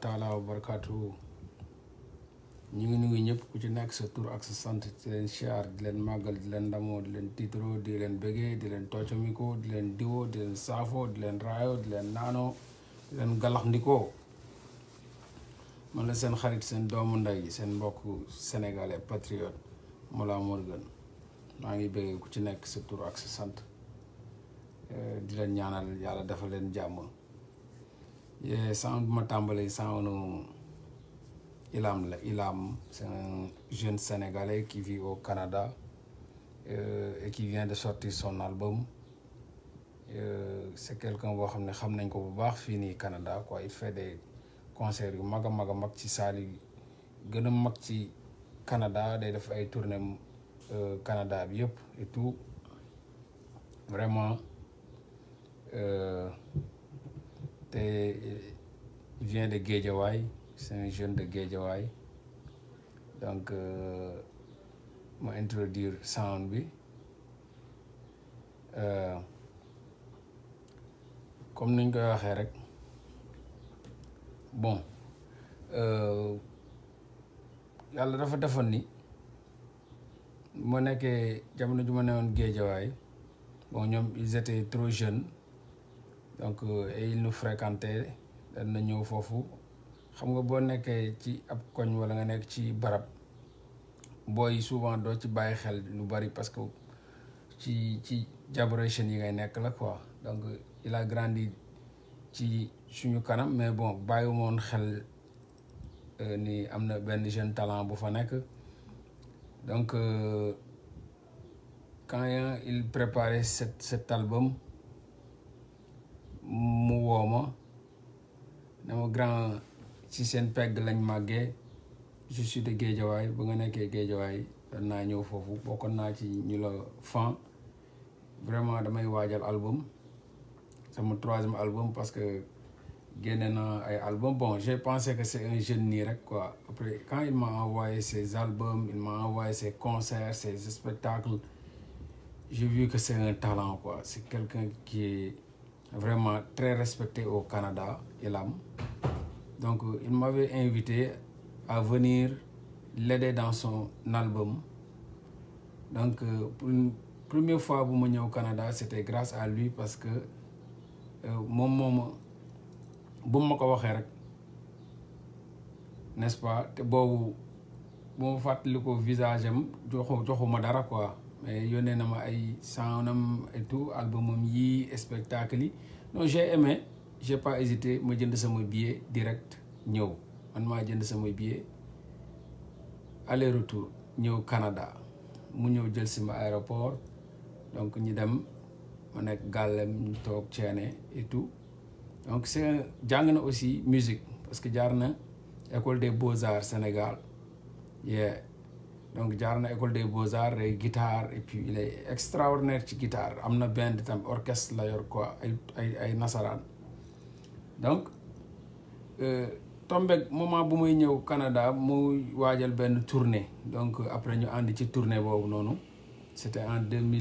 taala wa ñu ngi nuyu ñëpp ku ci nekk sa tur ak sant di leen siyaar di leen màggal di leen ndamoo di leen tiitaroo di leen bëggee di leen toocamikoo di leen diwoo di saafoo di leen raayoo leen naanoo leen galaxndikoo man seen xarit seen doomu ndey seen mbokk sénégalais patriote Mollah maa ngi bëggee ci nekk sa ak sa sant di leen ñaanal yàlla dafa leen jàmm Eh, sans bu ma tàmbalee sans Ilham Ilam, c'est un jeune Sénégalais qui vit au Canada euh, et qui vient de sortir son album euh, c'est quelqu'un boo xam ne xam nañ ko bu baax Canada quoi il fait des concerts yu mag a mag ci saal yu mag ci Canada day def ay tournées euh, Canada bi et tout vraiment. Euh, te il vient de Guédiawaye c'est un jeune de Guédiawaye donc euh, ma introduire sound bi euh, comme niñ koy waxee rek bon euh, yàlla dafa defoon ni ma nekkee jamono ju ma newoon Guédiawaye bon ñoom ils étaient trop jeunes donc euh, et il nous fréquentait dan na ñëw foofu xam nga bo nekkee ci ab koñ wala nga nekk ci barab boy souvent do ci bàyyi xel lu bari parce que ci ci jaboration yi ngay nekk la quoi donc il a grandi ci suñu kanam mais bon bàyyiwuma woon xel euh, ni amna ben jeune talent bu fa nekk donc euh, quand il préparait cet cet album mu woo ma ne ma grand ci seen pegg lañ màggee je suis de géejawaay ba nga nekkee géejawaay doon naa ñëw foofu bokkoon naa ci ñu la fan vraiment damay waajal album sama troisième album parce que génne naa ay album bon j'ai pensé que c'est un jeune nii rek quoi après quand il m'a envoyé ses albums il m'a envoyé ses concerts ses spectacles j'ai vu que c'est un talent quoi c'est quelqu'un qui est vraiment très respecté au Canada, Donc, il m'avait invité à venir l'aider dans son album. Donc, euh, pour première fois que je au Canada, c'était grâce à lui parce que euh, mon maman, n'est-ce pas? Bon, bon, le visage, quoi mais eh, yónnee na ma ay sanam et tout albumam yi spectacle non j'ai aimé j'ai pas hésité ma jënd sama billet direct ñew man maa jënd sama billet aller retour ñew Canada mu ñew jël si ma aéroport donc ñi dem ma nekk galem tok toog et tout donc c'est jangna aussi musique parce que jarna école des beaux arts Sénégal yeah donc jaar na école des beaux arts et guitare et puis il est extraordinaire ci guitare am na band tam orchestre la yor quoi ay ay donc euh, tombe moment bu muy au Canada mu waajal ben tournée donc après ñu avons ci tournée bobu c'était en 2018.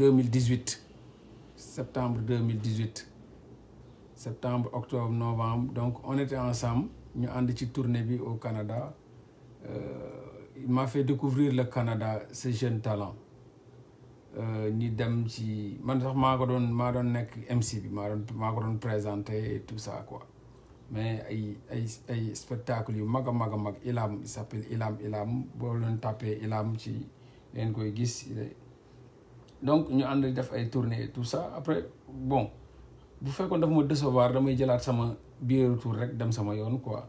Euh, septembre 2018. septembre octobre novembre donc on était ensemble ñu avons ci tournée au Canada. Euh, il m'a fait découvrir le Canada ce jeune talent ni euh, dem ci man sax maa ko doon maa doon MC bi maa doon maa ko doon présenté et tout ça quoi mais ay ay spectacle yu maga maga mag a mag Ilam il s'appelle Ilam Ilam boo leen tapé Ilam ci leen koy gis donc ñu ànd def ay tournées et tout ça après bon bu fekkoon daf ma décevoir damay jëlaat sama biir retour rek dem sama yoon quoi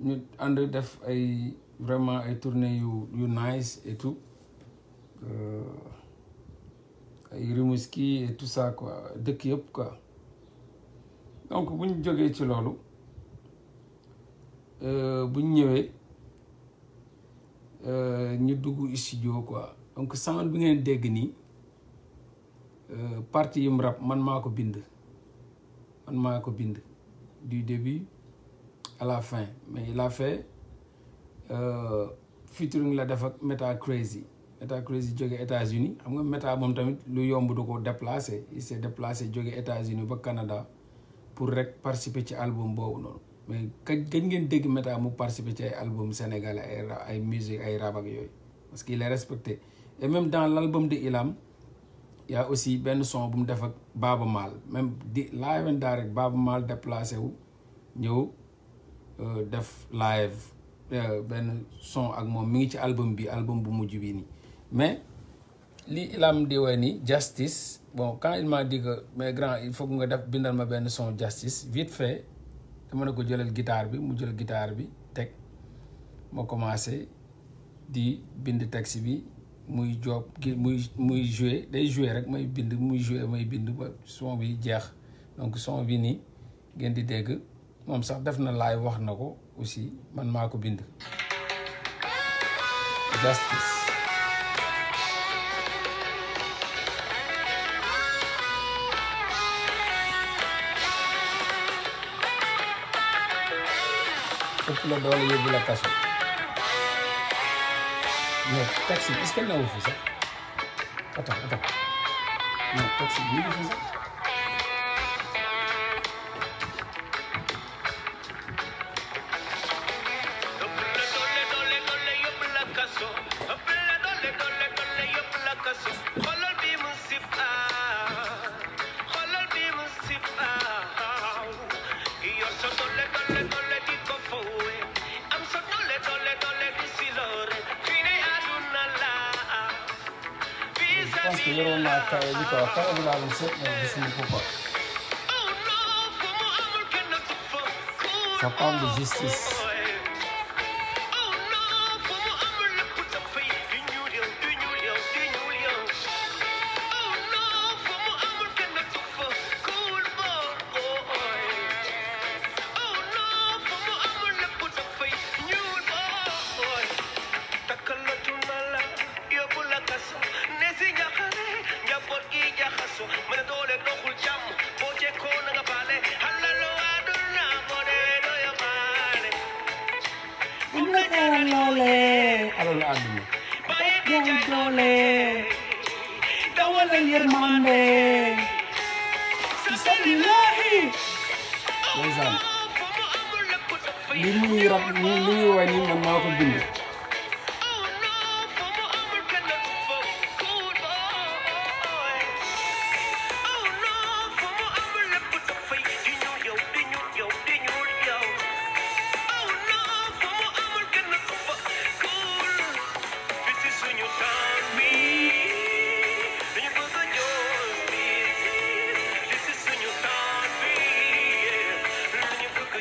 ñu ànd def ay vraiment ay tournée yu yu nice et tout euh, ay Rimouski et tout ça dëkk yëpp quoi donc buñ ñu jógee ci loolu euh, bu ñu ñëwee euh, ñu dugg studio quoi donc sound bi ngeen dégg nii partie yim rap man maa ko bind man maa ko bind du début à la fin mais il a fait euh, featuring la de Meta Crazy Meta Crazy aux États-Unis nga Meta moom tamit lu il s'est déplacé aux États-Unis au Canada pour participer à l'album mais il ngeen dégg Meta participer à l'album album sénégalais ay la musique ay rap parce qu'il est respecté et même dans l'album de Ilam y a aussi ben son bu mu def même live and direct Baba déplacé où, euh, def live ben son ak mom mi ngi ci album bi album bu mujj bi ni mais li Ilam di ni justice bon quand il m'a dit que mais grand il faut que nga def bindal ma ben son justice vite fait dama ne ko jëlal guitare bi mu jël guitare bi tek ma commencé di bind texte bi muy job muy muy jouer day jouer rek may bind muy jouer may bind ba son bi jeex donc son bi ni ngeen di dégg moom sax def na lay wax nako aussi man mako ko bind justice ëpp la doole yóbbu la kaso mais taxi est-ce que newu fi ça? attends attends non taxi bi ñu fi Ça parle de justice.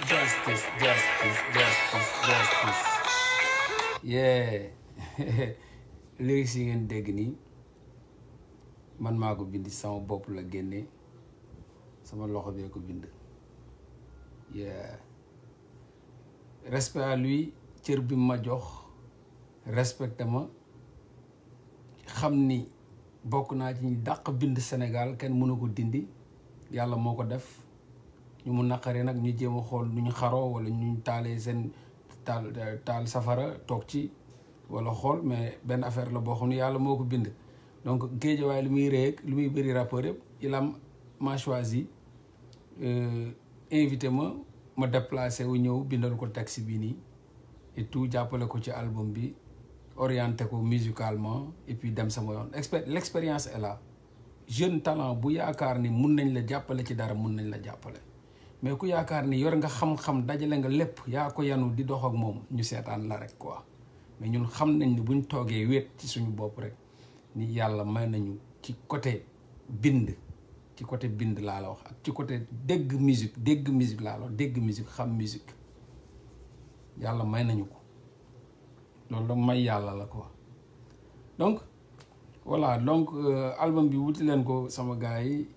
justice, justice, justice, justice. yeah lyrics yi ngeen dégg nii man maa ko bind sama bopp la génne sama loxo bee ko bind. yeah respect à cër bi ma jox respecté ma xam ni bokk naa ci ñu dàq bind Sénégal kenn mënu ko dindi yàlla moo ko def. ñu mu naqaree nag ñu jéem xol ñu xaro wala ñu taalee seen taal taal safara tok ci wala xol mais ben affaire la bo xam yalla moko bind donc way lu muy rek lu muy bëri rapport il ilam ma choisi euh invité ma ma déplacer wu ñëw bindal ko taxi bi ni et tout jappalé ko ci album bi orienté ko musicalement et puis dem sama yoon expé l'expérience est là jeune talent bu yaakaar ni mën nañ la jàppale ci dara mën nañ la jàppale mais ku yaakaar ni yor nga xam-xam dajale nga lépp yaa ko yanu di dox ak moom ñu seetaan la rek quoi mais ñun xam nañ ni buñ toogee wéet ci suñu bopp rek ni yàlla may nañu ci côté bind ci côté bind laa wax ak ci côté dégg musique dégg musique la wax dégg musique yàlla may nañu ko loolu la may yàlla la ko donc voilà donc euh, album bi wuti leen ko sama gars yi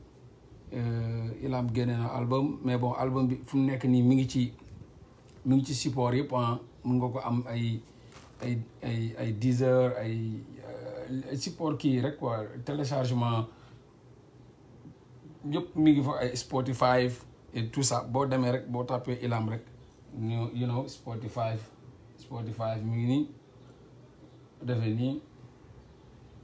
Euh, a génne un album mais bon album bi fu nek ni mi ngi ci mi ngi ci support yëpp ah mën nga ko am ay ay ay ay Deezer ay euh, support ki rek quoi téléchargement yëpp mi ngi fa ay Spotify et tout ça bo demee rek bo tapé Ilam rek you know Spotify Spotify mi ngi nii defee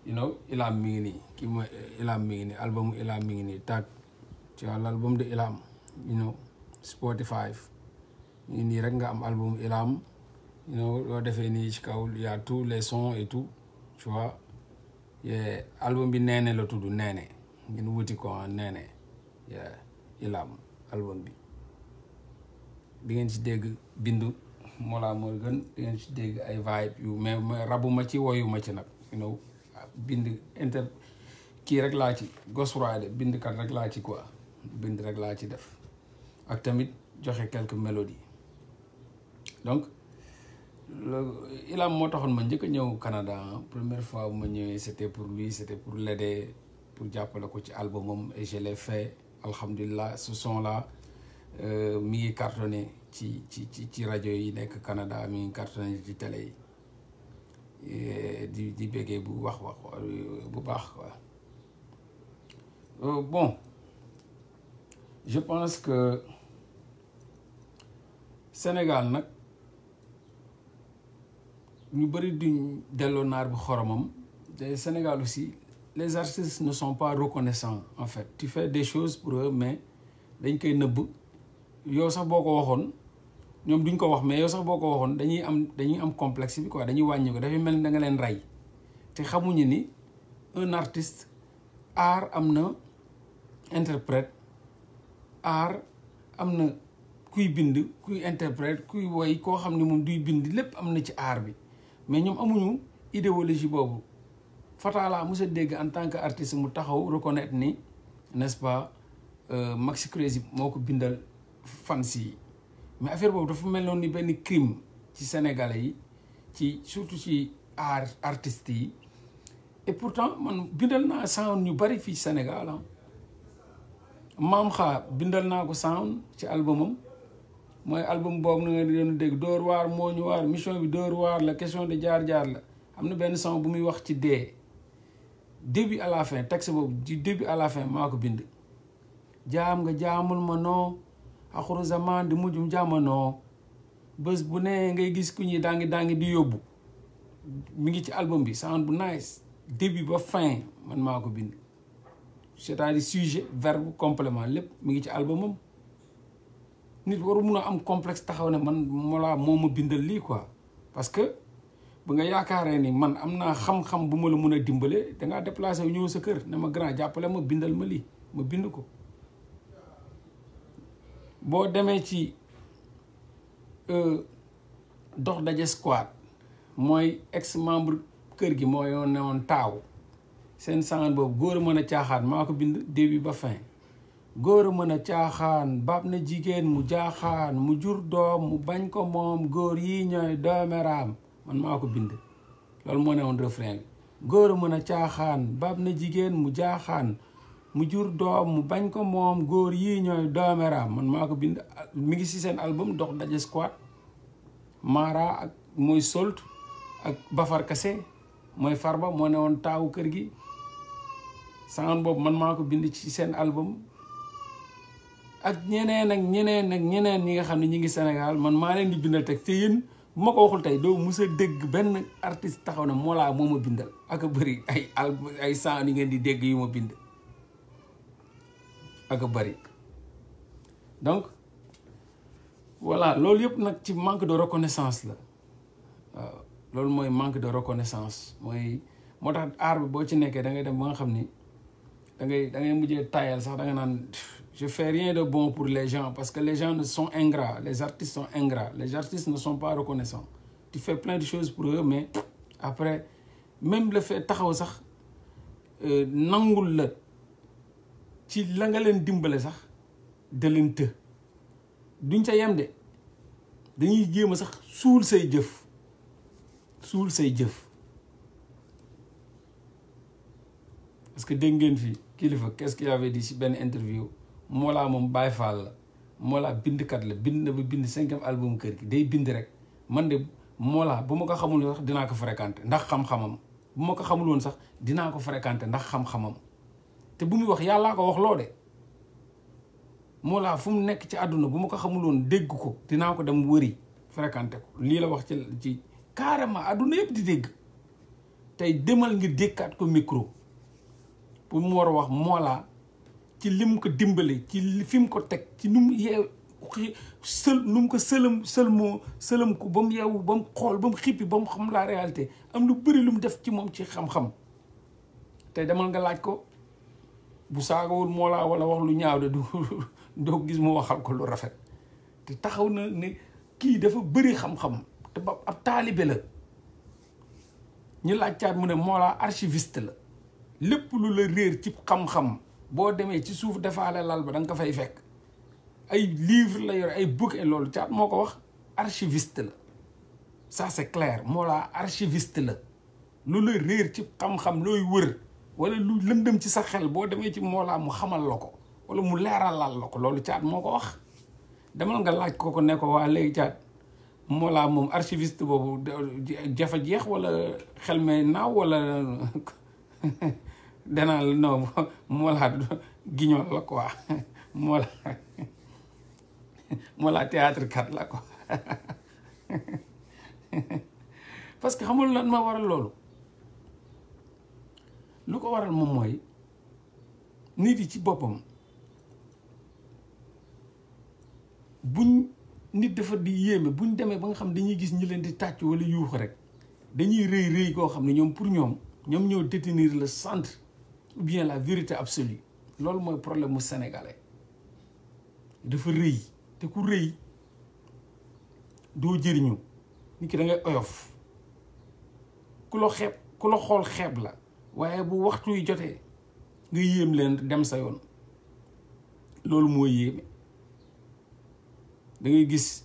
you know Ilam mi ngi nii kii mooy Ilam mi ngi nii Ilam mi ngi nii ci album de Ilam you know Spotify ñu nii rek nga am album Ilam you know defee nii ci kaw y a tous les sons et tout tu vois album bi Néné la tudd Néné ngeen wuti ko Néné Ilam album bi di ngeen ci dégg bindu Mollah Morgun di ngeen ci dégg ay vibe yu mais mais rabuma ci woyuma ci nag bind inter kii rek laa ci goswide bindkat rek laa ci quoi bind rek laa ci def ak tamit joxe quelques mélodies donc Ilam moo taxoon ma njëkk a ñëw Canada hein. première fois bu ma ñëwee c'était pour lui c'était pour l'aider pour jàppale ko ci albumam et je l'ai fait alhamdulilah ce son là euh, mi ngi cartonné ci ci ci ci rajo yi nekk Canada mi ngi cartonné ci télé yi. di di béggee bu wax wax bu baax quoi euh, bon je pense que Sénégal nous ñu beaucoup duñ Sénégal aussi les artistes ne sont pas reconnaissants en fait tu fais des choses pour eux mais dañ koy pas. yo sax ne waxone ñom duñ ko wax mais yo sax boko waxone dañuy am dañuy am complexe bi quoi dañuy sont dafay mel da nga xamuñu un artiste art interprète aar am na kuy bind kuy interpret kuy woy koo xam ni moom duy bind lépp am na ci aar bi mais ñoom amuñu idéologie boobu fatala mos a dégg en tant que artist mu taxaw reconnaître ni n'est-ce pas euh, Maxi Crazy moo ko bindal fans yi mais affaire boobu dafa mel noonu ni benn crime ci sénégalais yi ci surtout ci art artistes yi et pourtant man bindal naa sound ñu bari fii Sénégal ah maam xaa bindal naa ko sound ci albumam mooy album boobu na nga doon dégg dóor waar moo waar mission bi dóor waar la question de jaar-jaar la am na benn son bu muy wax ci dee début à la fin texte boobu du à la fin maa ko bind jaam nga jaamul ma noo axuru zaman di mujjum jaamanoo bés bu nee ngay gis ku ñuy daangi daangi di yóbbu mu ngi ci album bi sound bu nice début ba fin man maa ko bind c'est-à-dire sujet verbe complement lépp mu ngi ci albumam nit waru mun a am complex taxaw ne man molaa moo ma bindal lii quoi parce que bu nga yaakaaree ni man am naa xam-xam bu ma la mun a dimbale dangaa déplacé wu ñëw sa kër ne ma grand jàppale ma bindal ma lii ma bind ko boo demee ci euh, dox daje squad mooy ex membre kër gi moo yoon newoon taaw seen sangan boobu góor a mën a caaxaan maa ko bind début ba fin góor a mën a caaxaan bab na jigéen mu jaaxaan mu jur doom mu bañ ko moom góor yi ñooy doomeraam man maa ko bind loolu moo ne woon góor mën a caaxaan na jigéen mu jaaxaan mu jur doom bañ ko moom góor yii ñooy doomeraam man maa ko bind mi ngi si seen album dox daje squad Mara ak mooy Solt ak Bafar Kase mooy Farba moo ne woon taawu kër gi saan boobu man maa ko bind ci seen album ak ñeneen ak ñeneen ak ñeneen ñi nga xam ne ñi ngi Sénégal man maa leen di bindal teg te yéen bu ma ko waxul tey doo mus a dégg benn artiste taxaw na Mollah moo ma bindal ak a bëri ay ay saan yi ngeen di dégg yu bind ak a bëri donc voilà loolu yëpp nag ci manque de reconnaissance la waaw loolu mooy manque de reconnaissance mooy moo tax aar bi boo ci nekkee da ngay dem ba nga xam ni Je ne je fais rien de bon pour les gens parce que les gens sont ingrats les artistes sont ingrats les artistes ne sont pas reconnaissants tu fais plein de choses pour eux mais après même le fait taxaw sax euh, nangul tu ci sax duñ sa yem dé dañuy parce que dégg ngeen fii kilifa qu'est-ce qu'il avait dit si benn interview Mollah moom Baye Fall la Mollah bindkat la bind na ba bind cinquième album kër gi day bind rek man de Mollah bu ma ko xamul sax dinaa ko fréquenté ndax xam bu ma ko xamuloon sax dinaa ko fréquenté ndax xam-xamam te bu muy wax yàllaa ko wax loo de Mollah fu mu nekk ci àdduna bu ma ko xamuloon dégg ko dinaa ko dem wëri fréquenté ko lii la wax ci ci carrément àdduna yëpp di dégg tey demal ngir dékkaat ko micro bu mu war a wax Mollah ci lim ko dimbali ci fi ko teg ci nu mu yeew sël nu mu ko sëlam sëlmoo sëlam ko ba mu yeewu ba mu xool ba mu xippi ba mu xam la réalité am lu bari lu mu def ci moom ci xam-xam tey demal nga laaj ko bu saagawul Mollah wala wax lu ñaaw de du doo gis mu waxal ko lu rafet te taxaw na ne kii dafa bari xam-xam te ba ab taalibe la ñu laajtaat mu ne Mollah archiviste la lépp lu la réer ci xam-xam boo demee ci suuf defaale lal ba danga nga ko fay fekk ay livre la yore ay bouquin loolu caat moo ko wax archiviste la ça c'est clair moo laa lu la ci xam looy wër wala lu lëndëm ci sa xel boo demee ci moolaa mu xamal la ko wala mu leeralal la ko loolu caat moo ko wax demal nga laaj ko ko ne ko waa léegi caat moolaa moom archiviste boobu jafa jeex wala xel may naaw walla danaa la non Mollah guignol la quoi Mollah Mollah théâtre kat la quoi parce que xamul lan ma waral loolu lu ko waral moom mooy nit yi ci boppam bu nit dafa di yéeme buñ demee ba nga xam dañuy gis ñi leen di tàcc wala yuuxu rek dañuy rëy rëy koo xam ne ñoom pour ñoom ñoom ñoo détenir la centre ou bien la vérité absolue loolu mooy problème mu sénégalais dafa rëy te ku rëy doo jëriñu nit ki da oyof ku la xeeb ku la xool xeeb la waaye bu waxtu yi jotee nga yéem leen dem sa yoon loolu moo yéeme da gis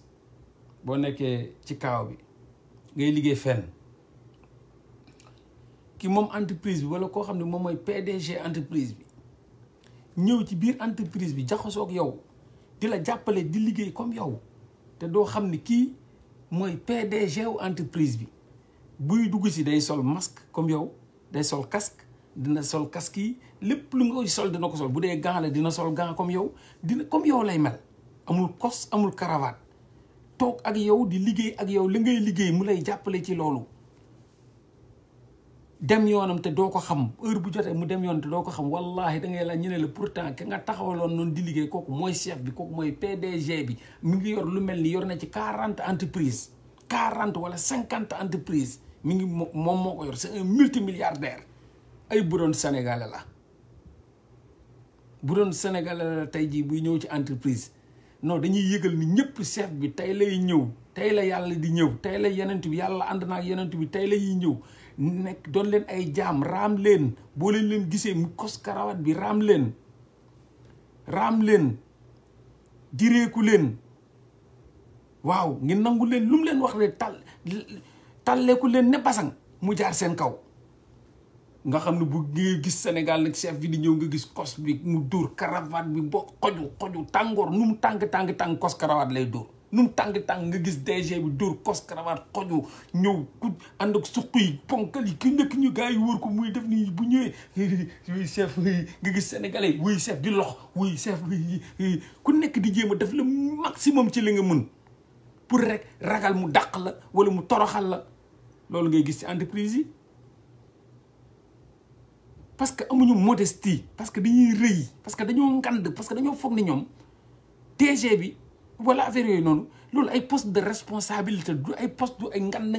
boo nekkee ci kaaw bi ngay liggéey fen ki moom entreprise bi wala koo xam ne moom mooy PDG entreprise bi ñëw ci biir entreprise bi jaxasoo ak yow di la jàppale di liggéey comme yow te doo xam ni kii mooy PDG wu entreprise bi buy dugg ci day sol masque comme yow day sol casque dina sol casque yi lépp lu nga sol dina ko sol bu dee gant la dina sol gant comme yow dina comme yow lay mel amul kos amul cravate toog ak yow di liggéey ak yow li ngay liggéey mu lay jàppale ci loolu dem yoonam te doo ko xam heure bu jotee mu dem yoonam te doo ko xam wallahi da ngay laaj ñu ne la pourtant ki nga taxawaloon noonu di liggéey kooku mooy chef bi kooku mooy PDG bi mu ngi yor lu mel ni yor na ci quarante entreprise quarante wala cinquante entreprise mi ngi moom moo ko yor c'est un multimilliardaire ay bu doon sénégalais la bu doon sénégalais la tey jii buy ñëw ci entreprise non dañuy yëgal ni ñëpp chef bi tey lay ñëw tey la yàlla di ñëw tey la yenent yàlla ànd naa ak yenent bi tey la ñuy ñëw nekk doon leen ay jaam raam leen boo leen leen gisee mu kos karawat bi raam leen raam leen direeku leen waaw ngeen nangu leen lu mu leen wax rek tal talleeku leen ne basang mu jaar seen kaw nga xam ne bu ngay gis senegal nag chef bi di ñëw nga gis kos bi mu dóor karawaat bi bo xoju xoju tàngoor nu mu tàng tàng tàng kos karawaat lay dóor nu tàng-tàng nga gis DG bi dóor kos cravate xoju ñëw ku ànd ak suq yi ponkal yi ki nekk ñu gars yi wër ko muy def nii bu ñëwee chef nga gis sénégalais wuy chef di lox wuy chef ku nekk di jéem a def le maximum ci li nga mën pour rek ragal mu daq la wala mu toroxal la loolu ngay gis ci entreprise yi parce que amuñu modestie parce que dañuy rëy parce que dañoo ngand parce que dañoo foog ni ñoom DG bi voilà affaire yooyu non ay poste de responsabilité du ay poste du ay ngand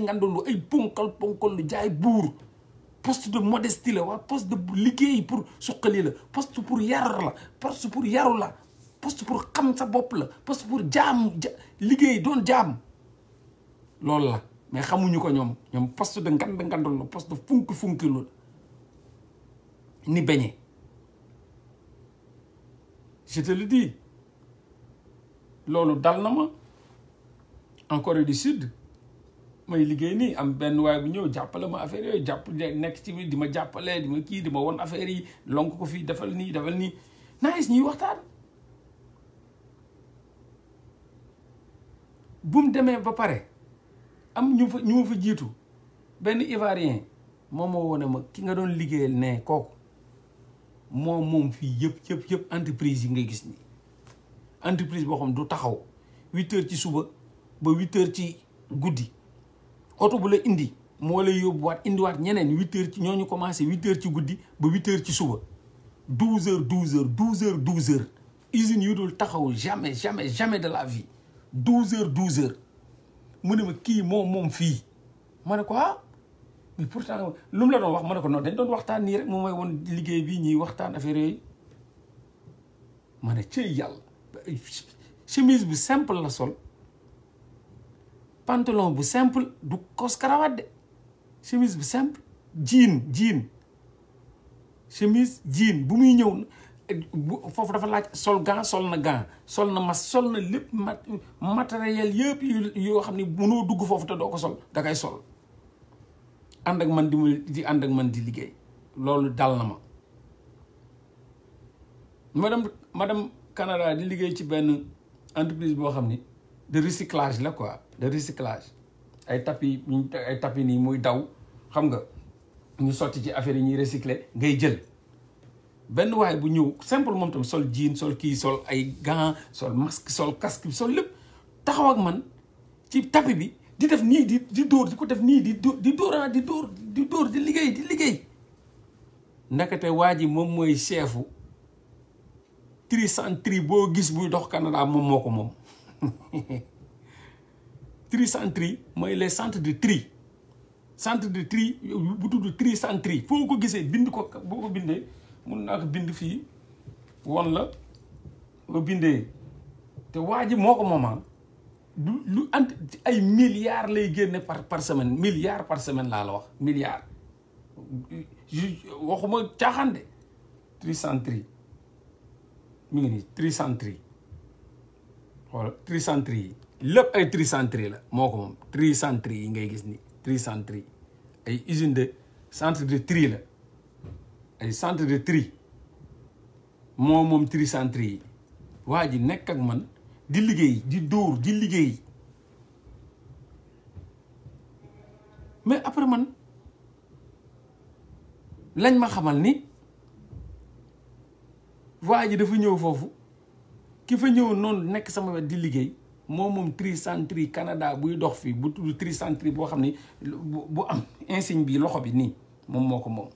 ay de modestie la poste de liguey pour suqali la poste pour yar la poste pour yarou la poste pour xam sa bop la poste pour jam liguey don jam lool la mais xamuñu ko poste de ngand de funk funk ni je te le dis loolu dal na ma en du Sud may liggéey nii am benn waay bu ñëw jàppale ma affaire yooyu jàpp nekk ci biir di ma jàppale di ma kii di ma won affaire yi lonk ko fii defal nii defal nii nice ñuy waxtaan bu mu demee ba pare am ñu fa ñu fa jiitu benn Ivoirien moom moo wone ma ki nga doon liggéeyal ne kooku moom moom fii yëpp yëpp yëpp entreprise yi nga gis nii entreprise bo xam du taxaw 8 heures ci suba ba 8 heures ci goudi auto bu la indi moo lay indi wat ñeneen 8h ci commencé heures ci ba h ci suba 12h, 12h. 12h 12 heures usines yu dul jamais jamais jamais de la vie 12h, 12h. ne ma kii moom moom quoi ah, mais pourtant nous la doon wax mané ko non dañ doon waxtaan rek bi waxtaan affaire chemise bu simple la sol pantalon bu simple du cos cravate de chemise bu simple jean jean chemise jean bu muy ñew fofu dafa laaj sol gant sol na gant sol na mas sol na material mat matériel yépp yo xamni ne mënoo dugg fofu te do ko sol da kay sol andeng ak man di di mandi ak man di liggéey dal na ma madame madame Canada di liggéey ci benn entreprise boo xam ni de recyclage la quoi de recyclage ay tapis ay tapis nii muy daw xam nga ñu sotti ci affaire yi ñuy recycler ngay jël benn waay bu ñëw simple moom tam sol jean sol kii sol ay gants sol masque sol casque sol lépp taxaw ak man ci tapis bi di def nii di di di ko def nii di di dóoraan di dóor di dóor di liggéey di liggéey ndakate waa ji moom mooy chefu tricenterie boo gis buy dox Canada moom moo ko moom tricenterie mooy les centres de tri centre de tri bu tudd tricenterie foo ko gisee bind ko boo ko bindee mun naa ko bind fii won la nga bindee te waa ji moo ko moomaa du lu ant ay milliards lay génne par par semaine milliards par semaine laa la wax milliards waxuma caaxaan de tricenterie mi ngi nii tricentre yi xoolal tricentre yi lépp ay tricentre la moo ko moom tricentre yi ngay gis ni tricentre yi ay usine de centre de tri la ay centre de tri moo moom tricentre yi waa ji nekk ak man di liggéey di dóor di liggéey mais après man lañ ma xamal ni waa ji dafa ñëw foofu ki fa ñëw noonu nekk sama wet di liggéey moom moom Tricentri Canada buy dox fii bu tudd Tricentri boo xam ne bu am insigne bi loxo bi nii moom moo ko moom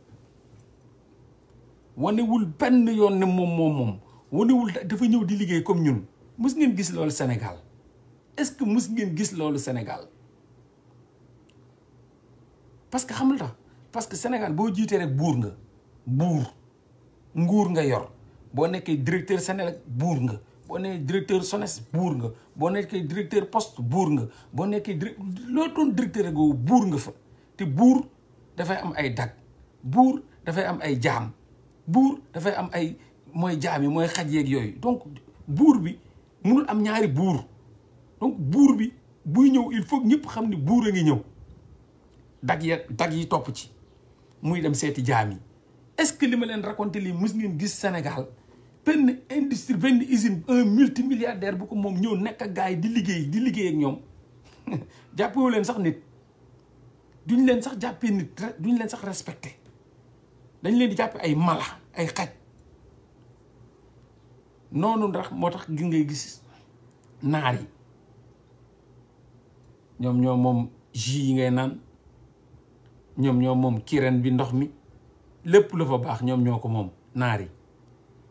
wanewul benn yoon ne moom moom moom wanewul dafa ñëw di liggéey comme ñun mus ngeen gis loolu senegal est-ce que mus ngeen gis loolu senegal parce que xamul tax parce que Sénégal boo jiitee rek buur nga buur nguur nga yor boo nekkee directeur Senelec buur nga boo nekkee directeur SONES buur nga boo nekkee directeur poste buur nga boo nekkee dir loo doon directeur googu buur nga fa te buur dafay am ay dag buur dafay am ay jaam buur dafay am ay mooy jaam yi mooy xaj yeeg yooyu donc buur bi munul am ñaari buur donc buur bi buy ñëw il faut ñëpp xam ni buur a ngi ñëw dag ya dag yi topp ci muy dem seeti jaam yi est-ce que li ma leen raconté lii mus ngeen gis Sénégal benn industrie benn usine un multimilliardaire bu ko moom ñëw nekk ak gars di liggéey di liggéey ñoom jàppewu leen sax nit duñ leen sax jàppee nit duñ leen sax respecté dañ leen di jàppe ay mala ay xaj noonu ndax moo tax gi ngay gis naar yi ñoom ñoo moom jus yi ngay naan ñoom ñoo moom kireen bi ndox mi lépp la fa baax ñoom ñoo ko moom naar yi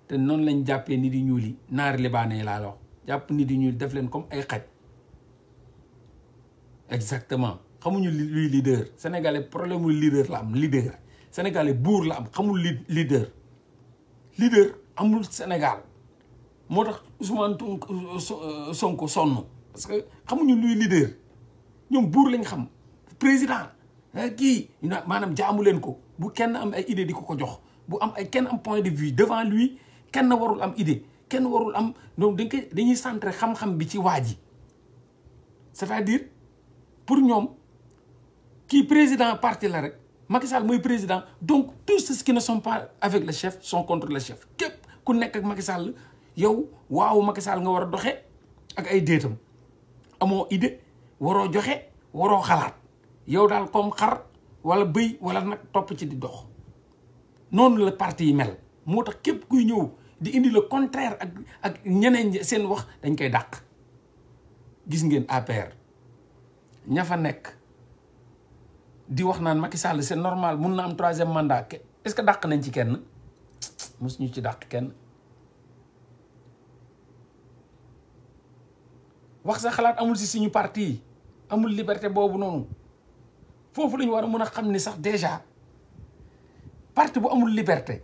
te non lañ jàppee nit yu ñuul yi naari libaane yi laa la wax jàpp nit yu ñuul def leen comme ay xaj exactement xamuñu luy leader sénégalais problème leader la am leader sénégalais buur la am xamul leader leader amul Sénégal moo tax Ousmane euh, Sonko sonn parce que xamuñu luy leader ñoom buur lañ xam président eh, kii maanaam jaamu leen ko bu kenn am ay idée di ko ko jox bu am ay kenn am point de vue devant lui kenn warul am idée kenn warul am ñoom dañ koy dañuy centre xam-xam bi ci waa ji c'est-à-dire pour ñoom kii président parti la rek Macky mooy président donc tous ceux qui ne sont avec le chef sont contre le chef képp ku nekk ak Macky Sall yow waaw Macky Sall nga war a doxe ak ay déetam amoo idée waroo joxe waroo xalaat yow daal comme xar wala bëy wala nag topp ci di dox noonu la parti yi mel moo tax képp kuy ñëw di indi le contraire ak ak ñeneen seen wax dañ koy dàq gis ngeen APR ña fa nekk di wax naan Macky Sall seen normal mun na am troisième mandat est-ce que dàq nañ ci kenn mos ñu ci dàq kenn wax sa xalaat amul si suñu parti yi amul liberté boobu noonu foofu lañu war a mën a xam ni sax déjà parti bu amul liberté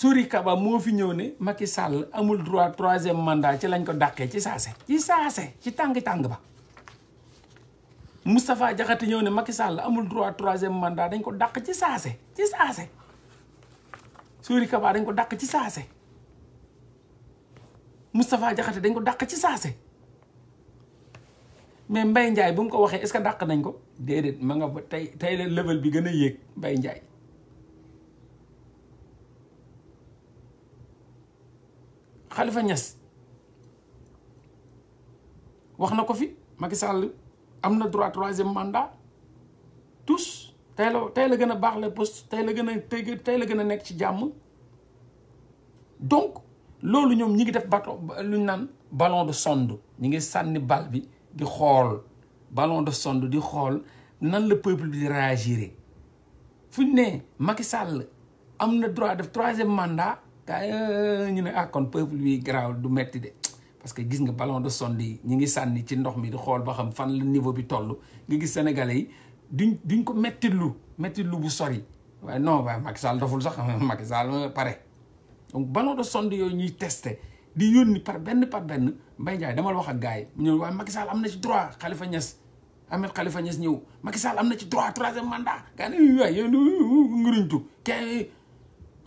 Souri Kaba moo fi ñëw ne Macky Sall amul droit troisième mandat ci lañ ko dàqee ci saase ci saase ci tàng-tàng ba Moustapha Diakhaté ñëw ne Macky Sall amul droit troisième mandat dañ ko dàq ci saase ci saase dañ ko dàq ci saase Moustapha dañ ko dàq ci saase mais mbay Ndiaye bu mu ko waxee est-ce que dàq nañ ko déedéet ma nga ba tey tey la level bi gën a yéeg Mbaye Ndiaye Khalifa Niass waxna ko fi Macky Sall amna na droit troisième mandat tous tay la tey la gën a baax la poste tay la gëna tay tey la gëna nek ci jamm donc lolu ñom ñi ngi def bato lu ñu ballon de sonde ñi ngi sanni bal bi di xol ballon de sonde di xol nan le peuple bi di fu ne Macky Sall amna droit def troisième mandat gaa ñu ne ah kon peuple bi garaaw du metti de parce que gis nga ballon de sonde yi ñi ngi sànni ci ndox mi di xool ba xam fan la niveau bi toll nga gis sénégalais yi duñ duñ ko metti lu metti lu bu sori waaye non waaye Macky Sall doful sax Macky Sall pare donc ballon de sonde yo ñuy teste, di yónni par benn par Ben, Mbaye Ndiaye demal wax ak gars yi mu ñëw waaye Macky Sall am na ci droit Khalifa Niass Ahmed Khalifa Niass ñëw Macky Sall am na ci droit troisième mandat gars yi waay yooyu nguruñtu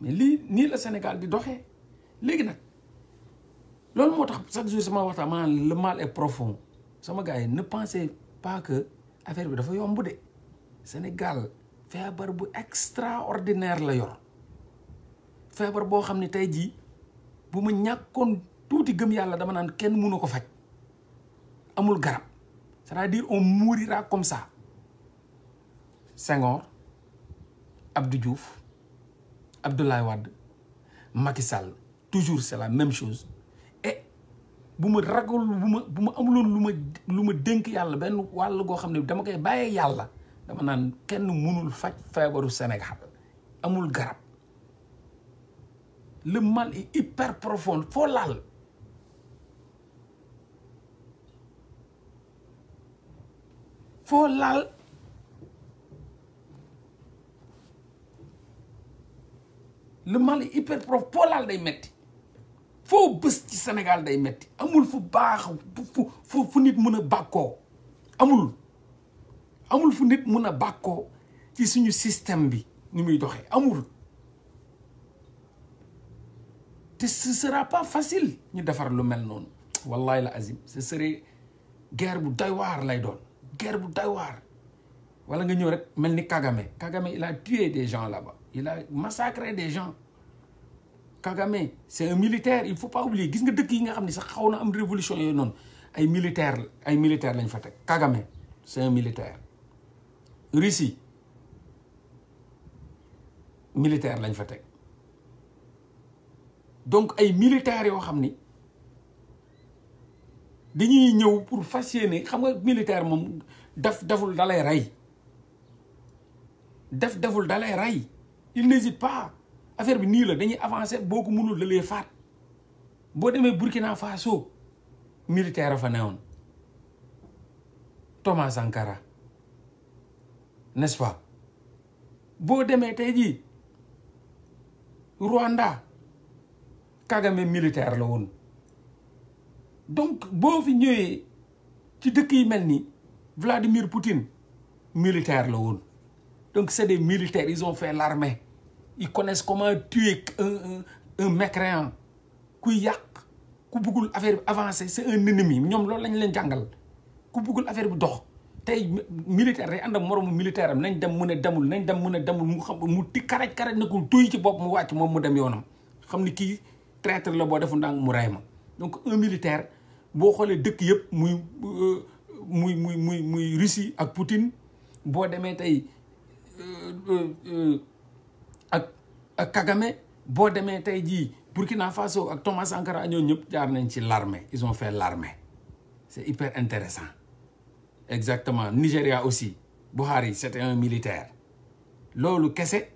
mais ni ni la Sénégal di doxé légui nak lool motax chaque jour sama waxta man le mal est profond sama gars yi ne pensez pas que affaire bi dafa yomb dé Sénégal feebar bu extraordinaire la yor feebar bo xamni ne tey jii bu ma ñàkkoon tuuti gëm yalla dama nan kenn mënu ko fajj amul garab c'est-à-dire on mourira comme ça Senghor Abdou Diouf Abdoulaye Wade Macky Sall toujours c'est la même chose et bu ma ragal bu ma amuloon lu ma lu ma dénk yàlla benn wàll goo xam ne dama koy bàyyee yàlla dama naan kenn mënul faj feebaru Sénégal amul garab le mal est hyper profond foo laal le mal est hyper prof le day metti le Sénégal day metti amul fu faut, fu fu nit meuna Bako. amul amul fu nit meuna bako ci système bi ni muy amul ce sera pas facile ñu le lu mel wallahi la azim ce serait guerre bu doy lay doon guerre bu doy wala Kagame Kagame il a tué des gens là-bas il a massacré des gens Kagame c'est un militaire il faut pas oublier gis nga dëkk yi nga xam sax xaw am révolution yooyu noonu ay militaire ay militaire lañ fa Kagame c'est un militaire Russie militaire lañ fa donc ay militaires yoo xam ni dañuy ñëw pour fas yéene xam nga militaire moom def deful dalay rey def deful dalay rey il n'hésite pas affaire bi nii la dañuy avancer boku ko mënul da lay faat me Burkina Faso militaire fa newoon Thomas Sankara n'est-ce pas Bo démé tey jii Rwanda Kagame militaire la militaires. donc bo fi ñëwé ci dëkk yi melni Vladimir Poutine militaire la woon donc c'est des militaires ils ont fait l'armée ils connaissent comment tuer un un mécréant ku yàq ku bëggul affaire bi avancé c'est un ennemi ñoom loolu lañ leen jàngal ku bëggul affaire bi dox tey militaire day ànd ak moromu militaire am nañ dem mu ne demul nañ dem mu ne demul mu xam mu ti karaj karaj na ko tuy ci bopp mu wàcc moom mu dem yoonam xam ni kii traître la boo defu ndànk mu rey ma donc un militaire boo xoolee dëkk yëpp muy euh, muy muy muy muy Russie ak Poutine boo demee tey. Euh, euh, ak Kagame bo demee tey jii Burkina Faso ak Thomas Sankara ñoo ñëpp jaar nañ ci l'armée ils ont fait l'armée c'est hyper intéressant exactement Nigeria aussi Buhari c'était un militaire loolu kese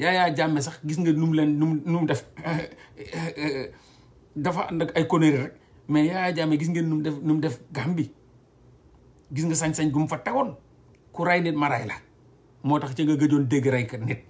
Yaya Jammeh sax gis nga nu mu leen nu mu nu mu def dafa and ak ay conneries rek mais Yaya Jammeh gis nga nu def nu def Gambie gis nga sañ-sañ gum fa tegoon ku ray nit ma la motax ci nga gëjoon dégg ray nit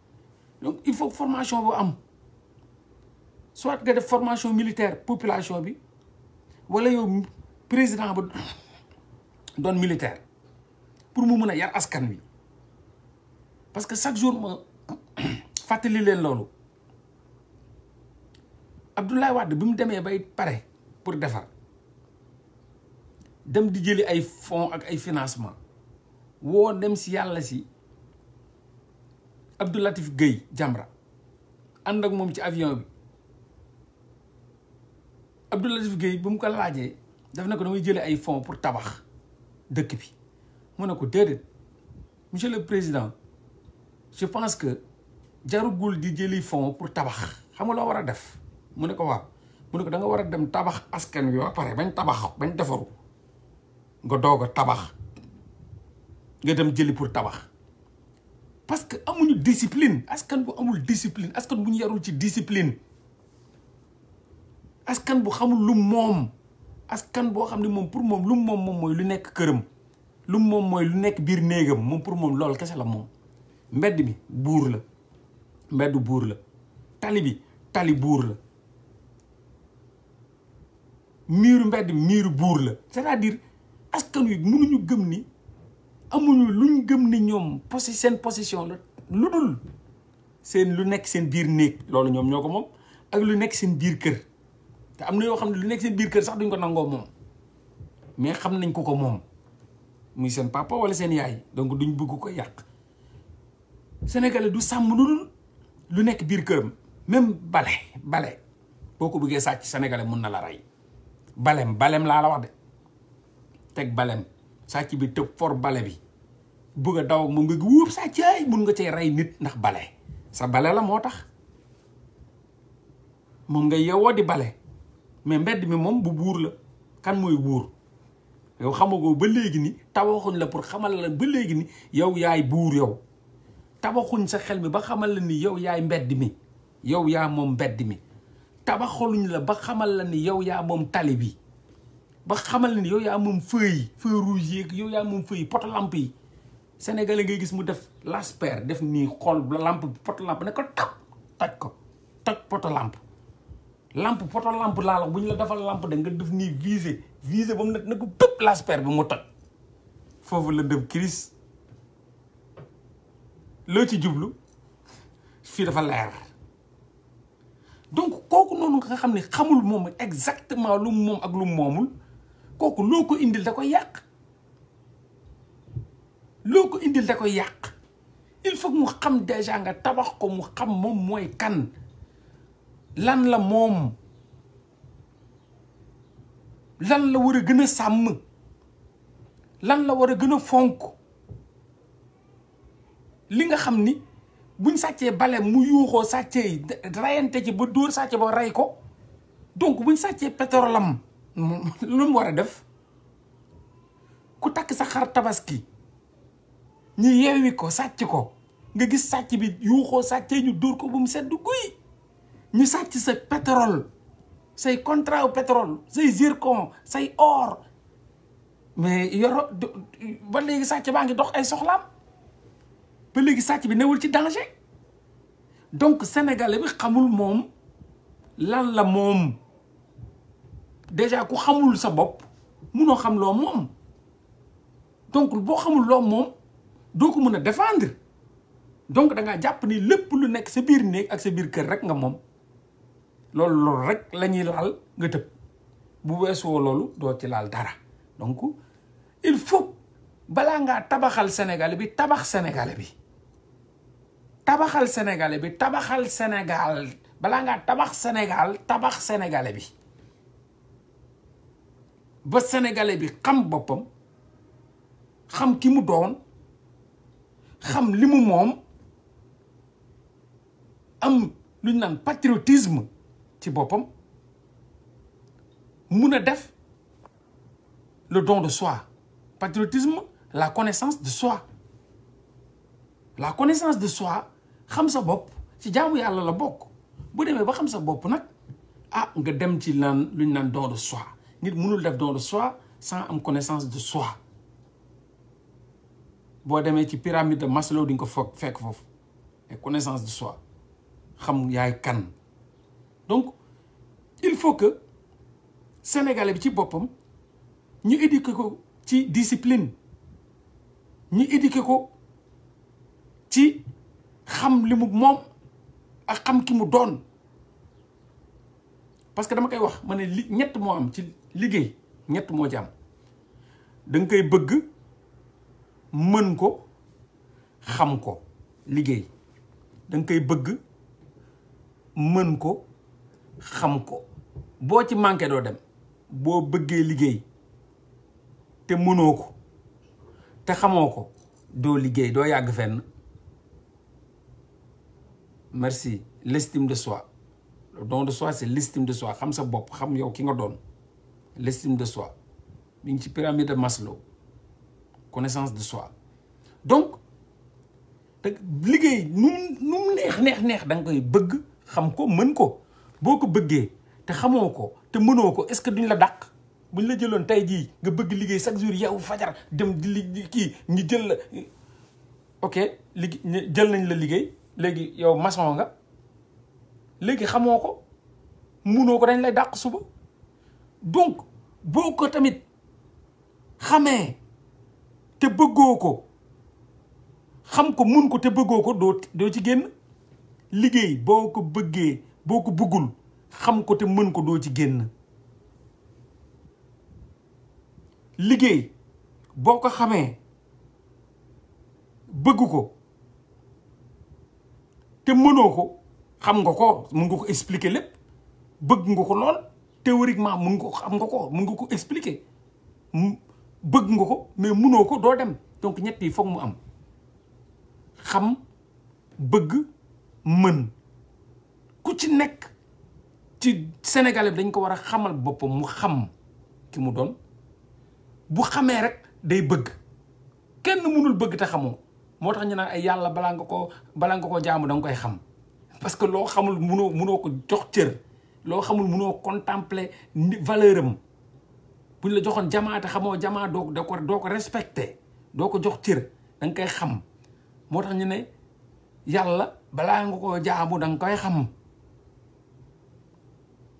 donc il faut formation bu am soit nga def formation militaire population bi wala yow président ba doon militaire pour mu mun a yar askan wi parce que chaque jour ma fàttali leen loolu Abdoulaye Wade bi mu demee bay pare pour defar dem di jëli ay fonds ak ay financement woo dem si yàlla si Abdoulatif Gueye Jamra ànd ak moom ci avion bi Abdoulatif Gueye bu mu ko laajee daf ne ko damay jëlee ay fonds pour tabax dëkk bi mu ne ko déedéet monsieur le président je pense que jarugul di jëli fonds pour tabax xam nga loo war a def mu ne ko waaw mu ne ko da nga war a dem tabax askan wi ba pare bañ tabax bañ defaru nga doog a tabax nga dem jëli pour tabax parce que amuñu disipline askan bu amul discipline askan bu ñu yarul ci discipline askan bu xamul lu moom askan boo xam ne moom pour moom lu moom moom mooy lu nekk këram lu moom mooy lu nekk biir néegam moom pour moom lool kese la moom mbedd bi buur la mbedd buur la tali bi tali buur la miiru mbedd miiru buur la cest à askan wi mënuñu gëm ni amuñu luñ gëm ni ñoom posé seen possession la lu dul seen lu nekk seen biir néeg loolu ñoom ñoo ko moom ak lu nekk seen biir kër te am na yoo xam ne lu nekk seen biir kër sax duñ ko nangoo moom mais xam nañ ko ko moom muy seen papa wala seen yaay donc duñ bëgg ko yàq sénégalais du sàmm lu dul lu nekk biir kër même bale bale boo ko buggee sàcc sénégalais mun na la rey balem balem laa la wax de teg balem sàcc bi tepp for balé bi bëgg daw ak moom nga sa sàccaay mun nga cee ray nit ndax bale sa bale la motax tax nga yewo di bale mais mbedd mi mom bu bour la kan moy bour yow xamago ba légui ni tabaxuñ la pour xamal la ba légui ni yow yaay bour yow tabaxuñ sa xel mi ba xamal la ni yow yaay mbedd mi yow ya mom mbedd mi tabaxaluñ la ba xamal la ni yow ya mom talibi ba xamal ni yow yaa moom feu yi feu yow yaa moom feu yi pot lampe yi sénégalais ngay gis mu def lasper def nii xool làmp pot lampe ne ko tap ko taj poto làmp lampe poto làmp laa la bu ñu la defal làmp da nga def nii visé visé ba mu ne ko tëpp lasper bi mu toj foofu la dem crise loo ci jublu fii dafa leer donc kooku noonu nga xam ne xamul moom exactement lu moom ak lu moomul kooku loo ko indil da koy yàq loo ko indil da koy yàq il faut mu xam déjà nga tabax ko mu xam moom mooy kan lan la moom lan la war a gën a sàmm lan la war a gën a fonk li nga xam ni buñ sàccee bale mu yuuxoo sàccee rayante ci ba dóor sàcce ba rey ko donc buñ sàccee pétrolam lu mu def ku takk sa tabaski ko sàcc ko nga gis sàcc bi yuuxoo sàccee ñu pétrole say contrats au pétrole say zircon say or mais yoro ba léegi sàcc baa dox ay soxlaam ba léegi sàcc bi newul ci danger donc sénégalais bi xamul moom la déjà ku xamul sa bopp munoo xam loo moom donc boo xamul loo moom doo ko mën a défendre donc da jàpp ni lépp lu nekk sa biir néeg ak sa biir kër rek nga moom loolu loolu rek la ñuy laal nga tëb bu weesoo loolu doo ci laal dara donc il faut balaa ngaa tabaxal Sénégal bi tabax Sénégal bi tabaxal Sénégal bi tabaxal Sénégal balaa tabax Sénégal tabax Sénégal bi. ba sénégalais bi xam kam xam ki mu doon xam limu mom am luñ nane patriotisme ci bopam mun def le don de soi patriotisme la connaissance de soi la connaissance de soi xam sa bop ci jaamu yalla la kam bu démé ba xam sa bop nak ah nga dem ci lan luñ nane don de soi nit mënul def don de soi sans am connaissance de soi bo démé ci pyramide de Maslow di nga ko foog fekk et connaissance de soi xam yaay kan donc il faut que sénégalais bi ci bopam ñu éduquer ko ci discipline ñu éduquer ko ci xam limu mom ak xam ki mu parce que dama kay wax ma li ñett moo am ci liggéey ñett moo ci am danga koy bëgg mën ko xam ko liggéey da nga koy bëgg mën ko xam ko boo ci manqué doo dem boo bëggee liggéey te mënoo ko te xamoo ko doo liggéey doo yàgg fenn merci l'estime de soi le don de soi c'est l'estime de soi xam sa bopp xam yow ki nga doon l'estime de soi mi pyramide de Maslow connaissance de soi donc te nous nous nu mu neex neex koy bëgg xam te te est-ce que duñ la dàq buñ la jëloon tey que nga chaque fajar dem di li ok li jël nañ la liggéey tu yow maçon nga tu ko dañ lay donc boo ko tamit xamee te bëggoo ko xam ko mun ko te bëggoo ko doo doo ci génn liggéey boo ko bëggee boo ko bëggul xam ko te mën ko doo ci génn liggéey boo ko xamee bëgg ko te mënoo ko xam nga ko mun nga ko expliquer lépp bëgg nga ko lool théoriquement mun nga ko xam nga ko mun nga ko expliquer bëgg nga ko mais munoo ko doo dem donc ñetti yi foog mu am xam bëgg mën ku ci nekk ci sénégalais dañ ko war a xamal boppam mu xam ki mu doon bu xamee rek day bëgg kenn mënul bëgg te xamoo moo tax ñu naan ay yàlla balaa nga ko balaa nga koo jaamu da nga koy xam parce que loo xamul munoo munoo ko jox cër loo xamul munoo contempler valeur am bu ñu la joxoon jamaate xamoo jamaa doo ko doo ko respecté doo ko jox cër da nga koy xam moo tax ñu ne yàlla balaa nga ko jaamu da nga koy xam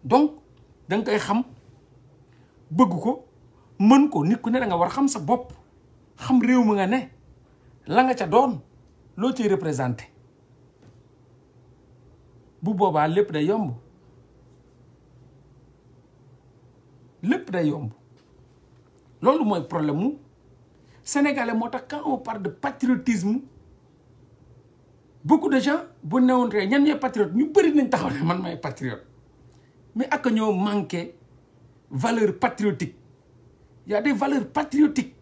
donc danga nga koy xam bëgg ko mën ko nit ku ne da nga war xam sa bopp xam réew mi nga ne la nga ca doon loo ciy représenté bu boobaa lépp day yomb lepp day yomb lolou moy problème sénégalais moo quand on parle de patriotisme beaucoup de gens bu newoon ré ñan ñooy patriote ñu bari nañ taxaw man may patriote mais ak ñoo manqué valeur patriotique Il y a des valeurs patriotiques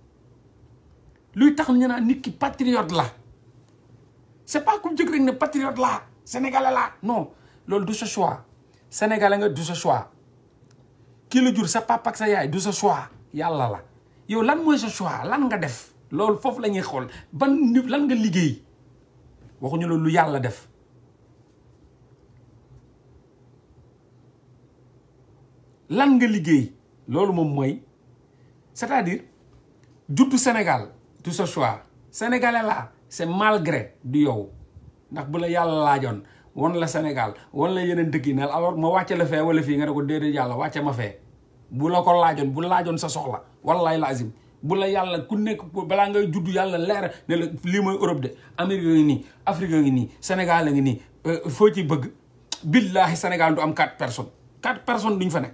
luy tax ñana naan nit ki patriote la c'est pas comme jóg rek patriote la sénégalais la non lolou du sa choix sénégalais nga du sa choix kii la jur sa papa ak sa yaay du sa yàlla la yow lan mooy sa choix lan nga def loolu foofu lañuy xool ban lan nga liggéey waxuñu la lu yàlla def lan nga liggéey loolu moom mooy c'est-à-dire juddu Sénégal du sa choix sénégalais la c'est malgré du yow ndax bu la yàlla laajoon won la senegal won la yenen dëkk yi nal alors ma wacce la fe wala fi nga ko dede yalla wacce ma fe bu la ko lajone bu lajone sa soxla wallahi lazim bu la yalla ku nek bala ngay juddu yalla leer ne li moy Europe de Amérique ngi ni Afrique ngi ni senegal ngi ni euh, fo ci beug billahi senegal du am 4 personnes 4 personnes duñ fa nek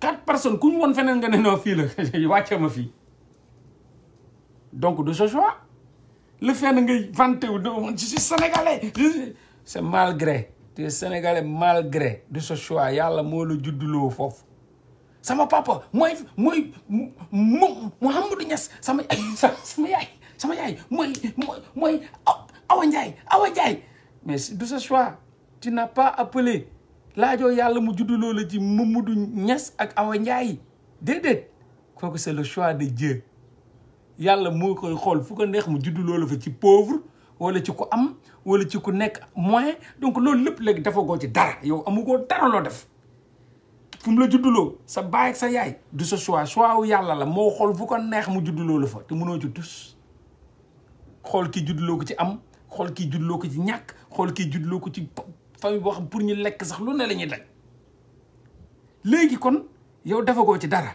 4 personnes kuñ won fenen nga ne no fi la wacce ma fi donc de ce choix le fenn ngay vanté wu de je suis sénégalais c' est malgré tu es sénégalais malgré de ce choix yàlla moo la judduloo foofu sama papa mooy mooy Mouhamadou Niass sama sama yaay sama yaay mooy mooy mais de ce choix tu n'as pas appelé laajoo yàlla mu judduloo la ci Mamadou Niass ak Awa Ndiaye déedéet kooku le choix de Dieu yàlla moo koy xool fu ko neex mu juddu loolu fa ci pauvre wala ci ku am wala ci ku nekk moyen donc loolu lépp léegi dafa ci dara yow amu ko dara loo def fu mu la judduloo sa baay ak sa yaay du sa choix choix wu yàlla la moo xool fu ko neex mu judduloo la fa te munoo ci tus xool kii judduloo ko ci am xool kii judduloo ko ci ñàkk xool kii judduloo ko ci famille boo xam pour ñu lekk sax lu ne la ñuy daj léegi kon yow dafa ci dara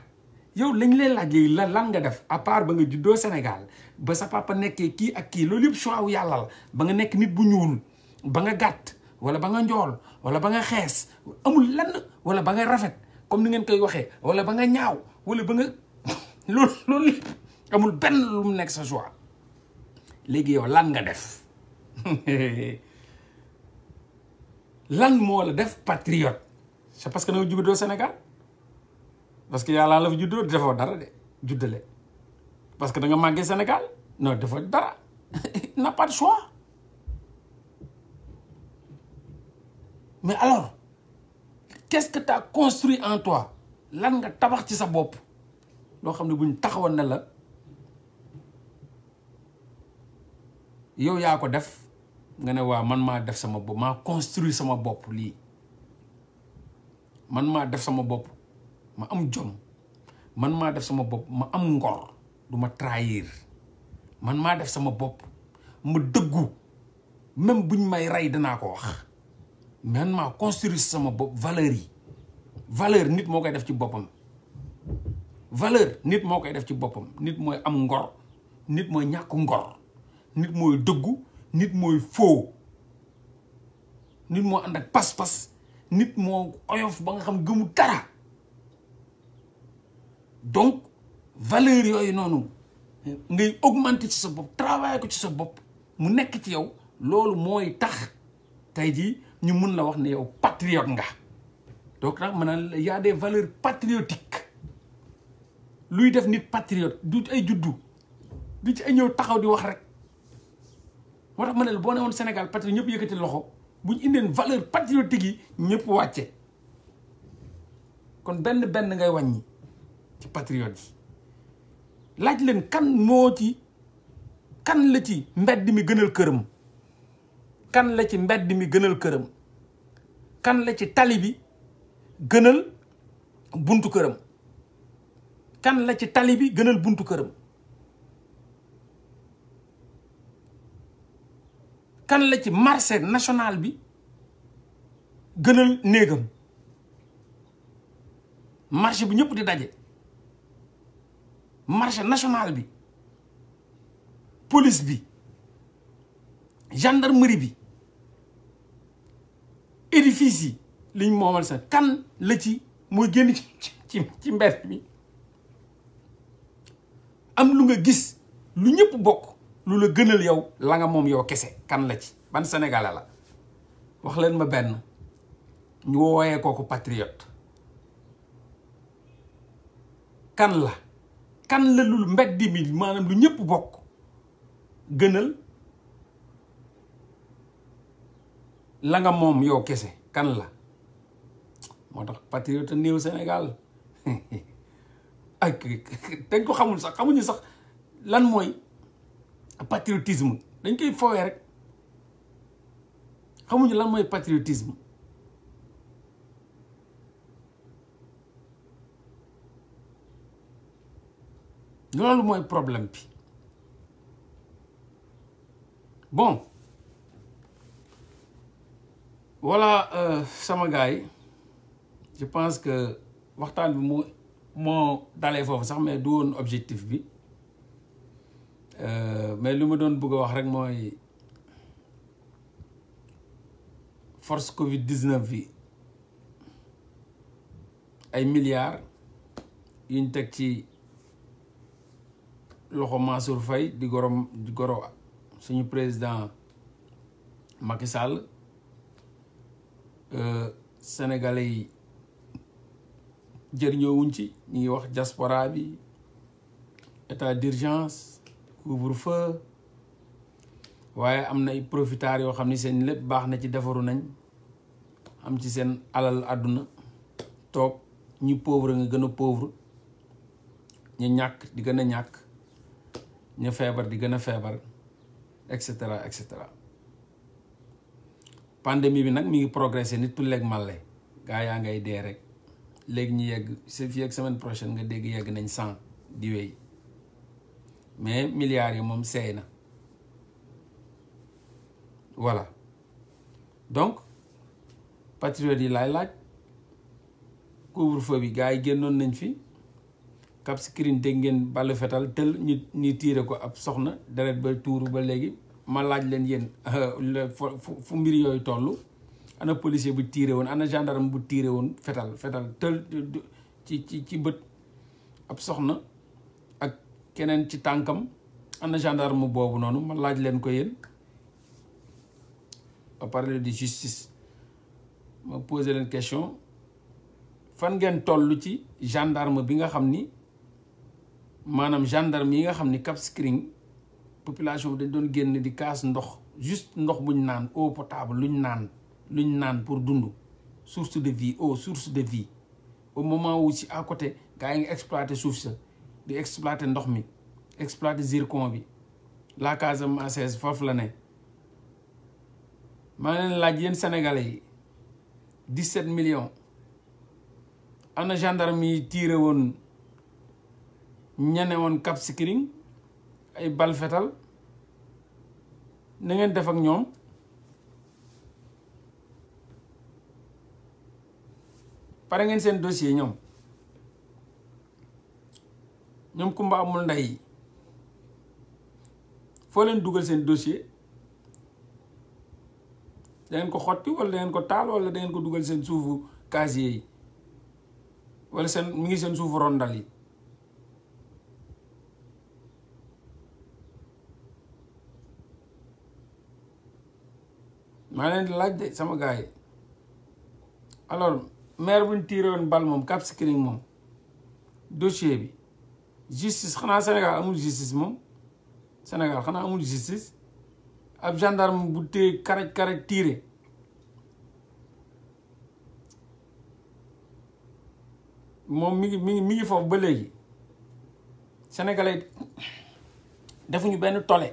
yow lañ leen laaj la lan nga def à part ba nga juddoo Sénégal ba sa papa nekké ki ak ki loolu yëpp choix wu yalla la ba nga nekk nit bu ñuul ba nga gatt wala ba nga ndjol wala ba nga xees amul lenn wala ba nga rafet comme ni ngeen koy waxee wala ba nga ñaaw wala ba nga loolu amul ben lu mu nekk sa choix léegi yow lan nga def lan mo la def patriote c'est parce que na juddoo Sénégal parce que yàlla la fi juddoo defoo dara de juddale parce que da nga màggee Sénégal non defoo dara n'a pas de choix mais alors qu'est-ce que tu as construit en toi lan nga tabax ci sa bopp loo xam ne buñ taxawoon ne la yow yaa ko def nga ne waa man maa def sama bopp maa construit sama bopp lii man maa def sama bopp ma am jom man maa def sama bopp ma am ngor du ma trahir man maa def sama bopp ma dëggu même buñ may rey danaa ko wax man maa construire sama bopp valeur yi valeur nit moo koy def ci boppam valeur nit moo koy def ci boppam nit mooy am ngor nit mooy ñàkk ngor nit mooy dëggu nit mooy faux nit moo ànd ak pas-pas nit moo oyof ba nga xam gëmu dara donc valeur yooyu noonu ngay augmenter ci sa bopp travailler ko ci sa bopp mu nekk ci yow loolu mooy tax tey jii ñu mun la wax ne yow patriote nga donc nag maanaam y a des valeurs patriotiques luy def nit patriote du ay juddu du ci ay ñëw taxaw di wax rek moo tax man a la boo ne woon Sénégal patriote ñëpp yëkkati loxo bu ñu indeen valeur patriotique yi ñëpp wàcce kon benn benn ngay wàññi ci laaj leen kan moo ci kan la ci mbedd mi gënal këram kan la ci mbedd mi gënal këram kan la ci tali bi gënal buntu këram kan la ci tali bi gënal buntu këram kan la ci marché national bi gënal néegam marché bi ñëpp di daje marché national bi police bi gendarmerie bi édifice yi liñ moomal sa kan la ci mooy génn ci ci mbedd am lu nga gis lu ñëpp bokk lu la gënal yow la moom yow kese kan la ci ban sénégalais la wax leen ma benn ñu wooyee kooku patriote kan la kan la lu mbedd mi maanaam lu ñëpp bokk gënal la moom yow kese kan la moo tax patriote néew Sénégal ak dañ ko xamul sax xamuñu sax lan mooy patriotisme dañ koy fowee rek xamuñu lan mooy patriotisme loolu mooy problème bi bon voilà euh, sama gars je pense que je vais mu moo dalee mais du objectif bi euh, mais je ma doon bëgg wax rek force Covid 19 milliard. ay milliards a teg ci. loxo Mansour fay di gorom di goro suñu président Macky Sall euh, sénégalais yi jëriñoowuñ ci ñu ngi wax diaspora bi état d'urgence couvre-feu waaye am na ay profiteurs yoo xam ni seen lépp baax na ci defaru nañ am ci seen alal àdduna toog ñu pauvre nga gën a pauvre ñu ñàkk di gën a ñàkk ñu feebar di gën a feebar et cetera et cetera pandémie bi nag mi ngi progressé nit ku leeg màlle gaa yaa ngay dee rek léegi ñu yegg si fii ak semaine prochaine nga dégg yegg nañ cent di wéy mais milliards yi moom seey na voilà donc patriotes yi laay laaj couvre-feu bi gaa yi génnoon nañ fi Cap Skirring dégg ngeen ballu fetal tël ñu ñu tiire ko ab soxna deret ba tuuru ba léegi ma laaj leen yéen fu mbir yooyu toll ana policier bu tiire woon ana gendarme bu tiire woon fetal fetal tël ci ci bët ab soxna ak keneen ci tànkam ana gendarme boobu noonu ma laaj leen ko yéen ba parler justice ma posé leen question fan ngeen toll ci gendarme bi nga xam ni manam gendarme yi nga xamni Cap Skirring population dañ doon génn di kaas ndox juste ndox buñ naan eau potable luñ naan luñ naan pour dund source de vie eau source de vie au moment où ci à côté gaay nga exploiter souf suuf di exploiter ndox mi exploiter zircon bi la Casamance fof la né maa laaj sénégalais yi millions ana gendarme yi tiré won ñene woon Cap Skirring ay balfetal na ngeen def ak ñoom pare ngeen seen dossier ñoom ñoom kumba amul ndey yi foo leen dugal seen dossier da ko xotti wala da ko taal wala dangeen ko dugal seen suufu casier yi wala seen mu ngi seen suufu rondal yi maa leen di laaj de sama gars alors maire bu ñu woon bal moom Cap moom dossier bi justice xanaa Sénégal amul justice moom Sénégal xanaa amul justice ab gendarme bu téye karaj karaj tiire moom mi ngi mi ngi mi ngi foofu ba léegi sénégalais defuñu benn tole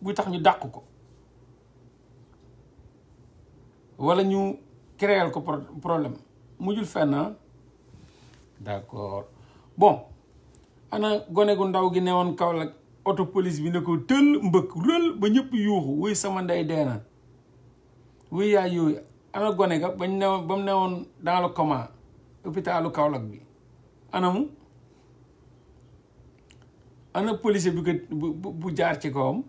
buy tax ñu dàq ko wala ñu créer ko problème mujjul fenn ah. d'accord bon ana gone gu ndaw gi newoon Kaolack oto police bi ne ko tël mbëkk rël ba ñëpp yuuxu wuy sama ndey na wuy yaay yooyu ana gone ga bañ newoon ba mu newoon dans le coma hôpitalu Kaolack bi anamu ana policier bi ko bu jaar ci kawam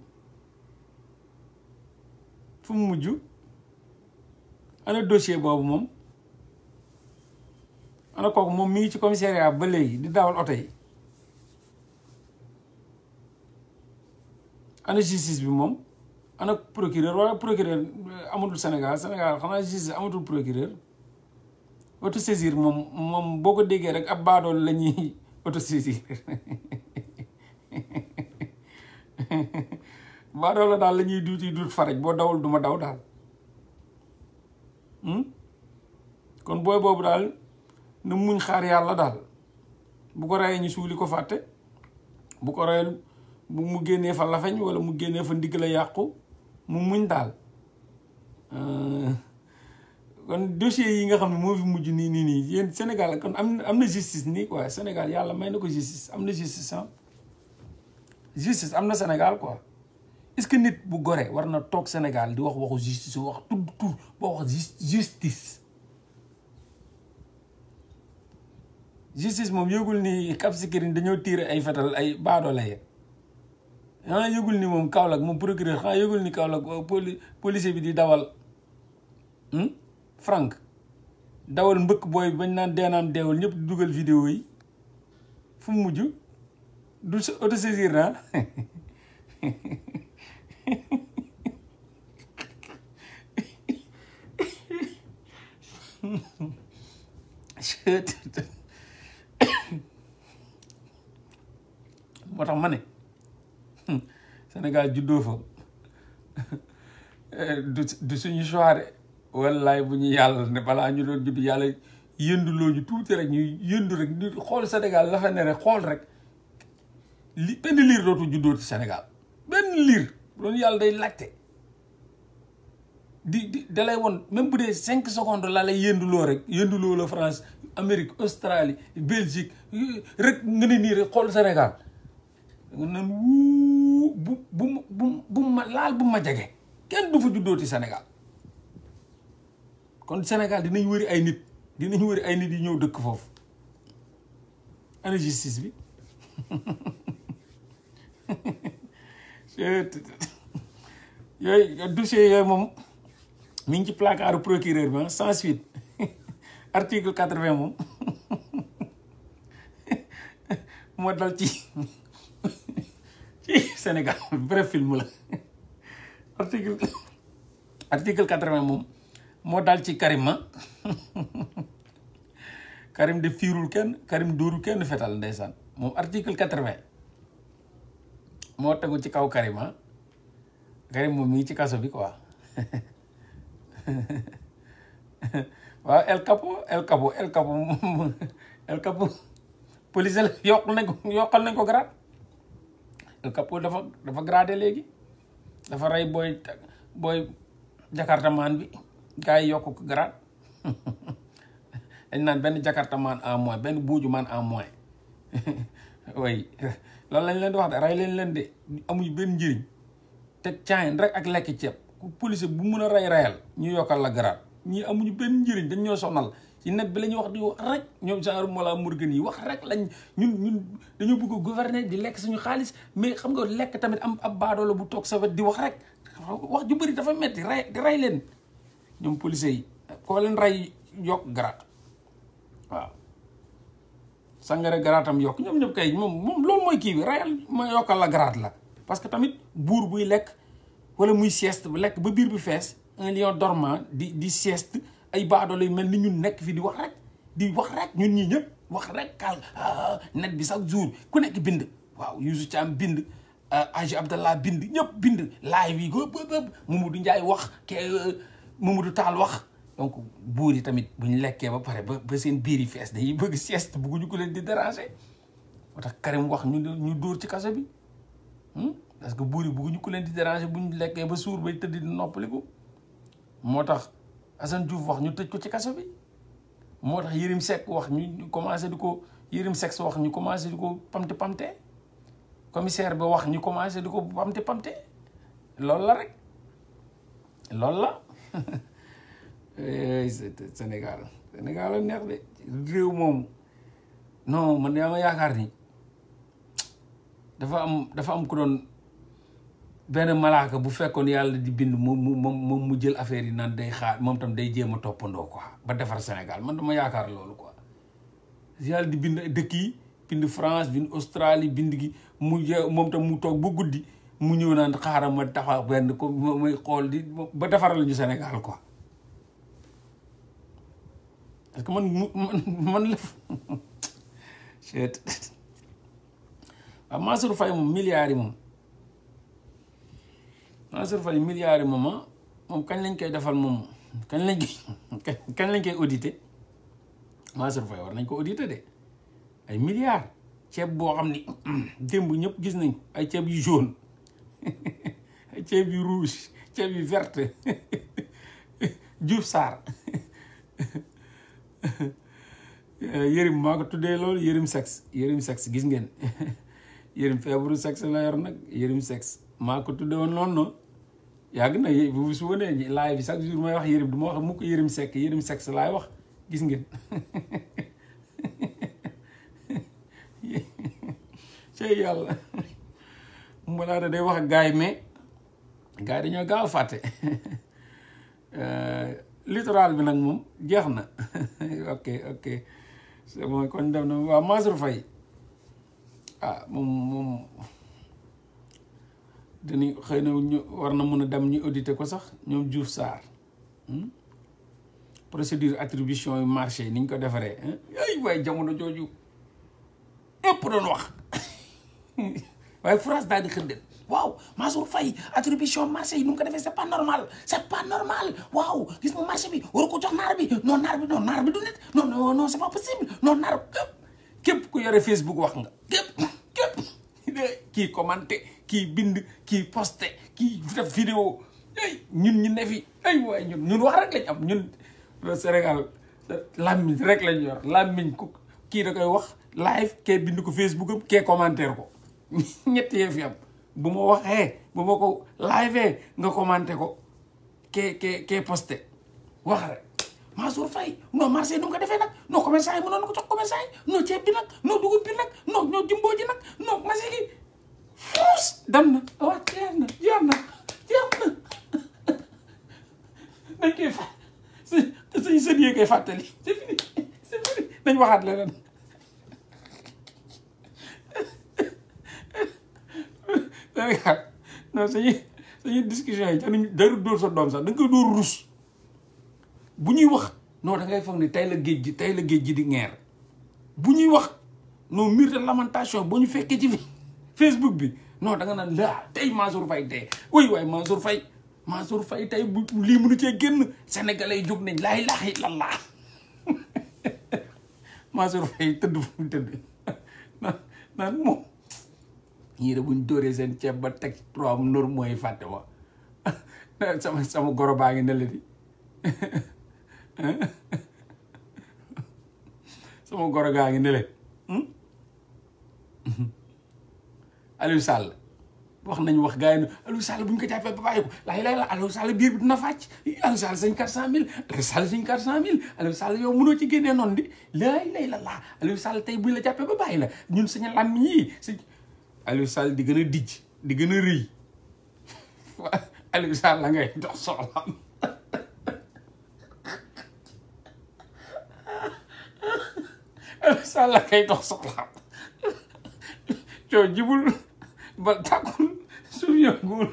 fu mu mujj ana dossier boobu moom ana kook moom mi ngi ci commissariat ba léegi di dawal oto yi ana justice bi moom ana procureur wala procureur euh, amatul Sénégal Sénégal xanaa justice amatul procureur autosaisir moom moom boo ko déggee rek ab baadool la ñuy autosaisir baadool la daal la ñuy duuti duut faraj boo dawul duma daw daal Hmm? kon booy boobu daal na muñ xaar yàlla daal bu ko rayee ñu suuli ko fàtte bu ko rayee bu mu génnee fa lafañ wala mu génnee fa ndigg la yàqu mu muñ daal euh, kon dossier yi nga xam ne moo fi mujj nii nii nii yéen Sénégal kon am am na justice ni waaye Sénégal yàlla may na ko justice am na justice ah justice am na Sénégal quoi est-ce que nit bu gore war na toog Sénégal di wax waxu justice wax tudd tur ba wax justice justice moom yëgul ni Cap Skirring dañoo tiire ay fetal ay baadoo la ye xanaa yëgul ni moom Kaolack moom procureur xanaa yëgul ni Kaolack euh, poli bi di dawal hmm? Frank dawal mbëkk booy bañ naan dee naan deewul ñëpp dugal vidéo yi fu mu mujj du autosaisir naa ah? moo tax ma ne Sénégal juddoo fa du du suñu choix de wallaay bu ñu yàlla ne balaa ñu doon judd yàlla yëndu ñu tuuti rek ñuy yëndu rek ñu xool senegal la rek xool rek li benn liir dootu juddoo ci Sénégal benn liir loolu yàlla day laajte di di da lay woon même bu dee cinq secondes la lay yënduloo rek yënduloo la France Amérique Australie Belgique rek nga ne nii rek xool Sénégal nan wuu bu bu bu bu ma laal bu ma jege kenn du fa juddooti senegal kon Sénégal dinañ wëri ay nit dinañ wëri ay nit yi ñëw dëkk foofu ana bi yooyu dossier yooyu moom mu ngi ci placard procureur bi ah, sans suite article quatre-vingt moom moo dal ci ci Sénégal vrai film la article article quatre-vingt moom moo dal ci Karim ah. Karim de fiirul kenn Karim dóorul kenn fetal ndeysaan moom article quatre-vingt moo tegul ci kaw Karima Karim moom mi ngi ci kaso bi quoi waaw El Capo El Capo El Capo police la yokk nañ ko yokkal nañ ko grade El Capo dafa dafa léegi dafa rey booy booy jakartamaan bi gars yi yokk ko grade dañ naan benn jakartamaan en moins benn buuju maan en moins loolu lañ leen di wax de rey leen leen de amuñ benn njëriñ te caayin rek ak lekk ceeb ku policier bu mun a rey reyal ñu yokkal la garaat ñii amuñu benn njëriñ dañ ñoo sonal ci net bi la ñuy wax di wax rek ñoom genre Mollah Morgun yi wax rek lañ ñun ñun dañoo bëgg a gouverner di lekk suñu xaalis mais xam nga lekk tamit am ab baadoola bu toog sa wet di wax rek wax ju bëri dafa metti rey di rey leen ñoom policier yi koo leen rey yokk garaat waaw sangare garaatam yokk ñoom ñëpp kay moom moom loolu mooy kii bi rayal ma yokkal la garaat la parce que tamit buur buy lekk wala muy sieste bu lekk ba biir bi fees un lion dormant di di ay baadoolo yu mel ni ñun nekk fii di wax rek di wax rek ñun ñi ñëpp wax rek kal ah, ah, net bi chaque jour ku nekk bind waaw Youssou Thiam bind ah, Aji Abdallah bind ñëpp bind live yi ko bëpp Mamadou Ndiaye wax ke euh, Mamadou Tall wax donc buur yi tamit bu ñu lekkee ba pare ba ba seen biir yi fees yi bëgg sieste bëgguñu ko leen di déranger moo tax Karim wax ñu ñu dóor ci kaso bi hmm? parce que buur yi bëgguñu ko leen di déranger bu ñu lekkee ba suur bay tëdd di noppaliku moo tax Assane Diouf wax ñu tëj ko ci kaso bi moo tax Yérim Seck wax ñu commencé di ko Yérim Seck wax ñu commencé di ko pamte pamte commissaire bi wax ñu commencé di ko pamte pamte loolu la rek loolu la Eh, Sénégal senegal la neex de réew moom non man yaa ma yaakaar ni dafa am dafa am ku doon benn malaaka bu fekkoon yàlla di bind mu mu moom mu jël affaire yi naan day xaar moom tam day jéem a toppandoo quoi ba defar Sénégal man dama yaakaar loolu quoi yàlla di bind dëkk yi bind France bind Australie bind gi mu moom tam mu toog ba guddi mu ñëw naan xaaral ma taxaw benn ko may xool di ba defaral ñu Sénégal quoi parce que man man la waaw ah, Mansour Faye moom milliards moom Mansour Faye milliards yi moom ah moom kañ lañ koy defal moom kañ lañ koy kañ lañ koy audité Mansour war nañ ko audité de ay milliards ceeb boo xam ni démb ñëpp gis nañ ay ceeb yu jaune ceeb yu rouge ceeb yu verte Diouf Sarr yërim maa ko tuddee loolu yërim sexe yërim sexe gis ngeen yërim feebaru sexe la yor nag yërim sexe maa ko tuddee woon noonu noonu yàgg na bu su wanee laay bi chaque jour may wax yërim du ma wax mukk yërim sekk yërim sexe laay wax gis ngeen cey yàlla mu laa da day wax gaay gars yi dañoo gaaw fàtte littoral bi nag moom jeex na ok ok c'est bon kon def na waaw Mansour Faye ah moom moom dañuy xëy na war na mun a dem ñu auditer ko sax ñoom juuf Sarr hmm? procédure attribution yu marché ni ñu ko defaree ay waaye jamono jooju ëpp doon wax waaye France daal di xëddeen waaw Mansour Faye attribution marché yi nu mu ko defee c' est pas normal c' pas normal waaw gis nga marché bi waru ko jox naar bi non naar bi non naar bi du nit non non non c' est pas possible non naar képp képp ku yore Facebook wax nga képp képp kii commenté kii bind kii poste kii def vidéo ay ñun ñu ne fi ay waay ñun ñun wax rek lañ am ñun Sénégal làmmiñ rek lañ yor làmmiñ ko kii da koy wax live kee bind ko Facebook am kee commentaire ko ñett yee fi am bu ma waxee bu ma ko live nga commenté ko ke ke ke posté wax rek Mansour Faye non marché yi nu ko defee nag non commerçant yi mënoon na ko jox commerçant yi non ceeb bi nag non dugub bi nag non non jumbo ji nag non machine yi fuus dem na waaw oh, jeex na jeex fàttali yi koy fàttali c'est fini c'est dañ waxaat leen danga non sañu sañu discussion yi dañu daru dóor sa doom sax da nga koy dóor rus bu ñuy wax non da ngay ni tey la géej gi tey la géej gi di ngeer bu ñuy wax non mur de lamentation boo ñu fekkee ci Facebook bi noo da nga naan laa tey Mansour fay tey oui waaye Mansour tey bu lii mënu cee génn sénégalais yi jóg nañ laa ilaaha illallaah Mansour Faye tëdd fu mu tëdd ñii bu buñ dóoree seen ceeb ba teg am nur mooy fàtte ma sama sama goro baa ngi ne la di sama goro gaa ngi ne hmm? la Aliou Sall wax nañ wax gars yi ne Aliou Sall bu ñu ko jàppee ba ko laay laay la Aliou Sall biir bi dina fàcc Aliou Sall sañ quatre cent mille Aliou Sall sañ quatre cent mille Aliou Sall yow mënoo ci génnee noonu di laay lay la laa Aliou Sall tey buñ la jàppee ba bàyyi la ñun saña lam yii alu sal di gëna dij di gëna reuy rëy Aliou la ngay dox soxlam Aliou Sall la ngay dox soxlam jo jibul ba tàkkul suuf yënguwul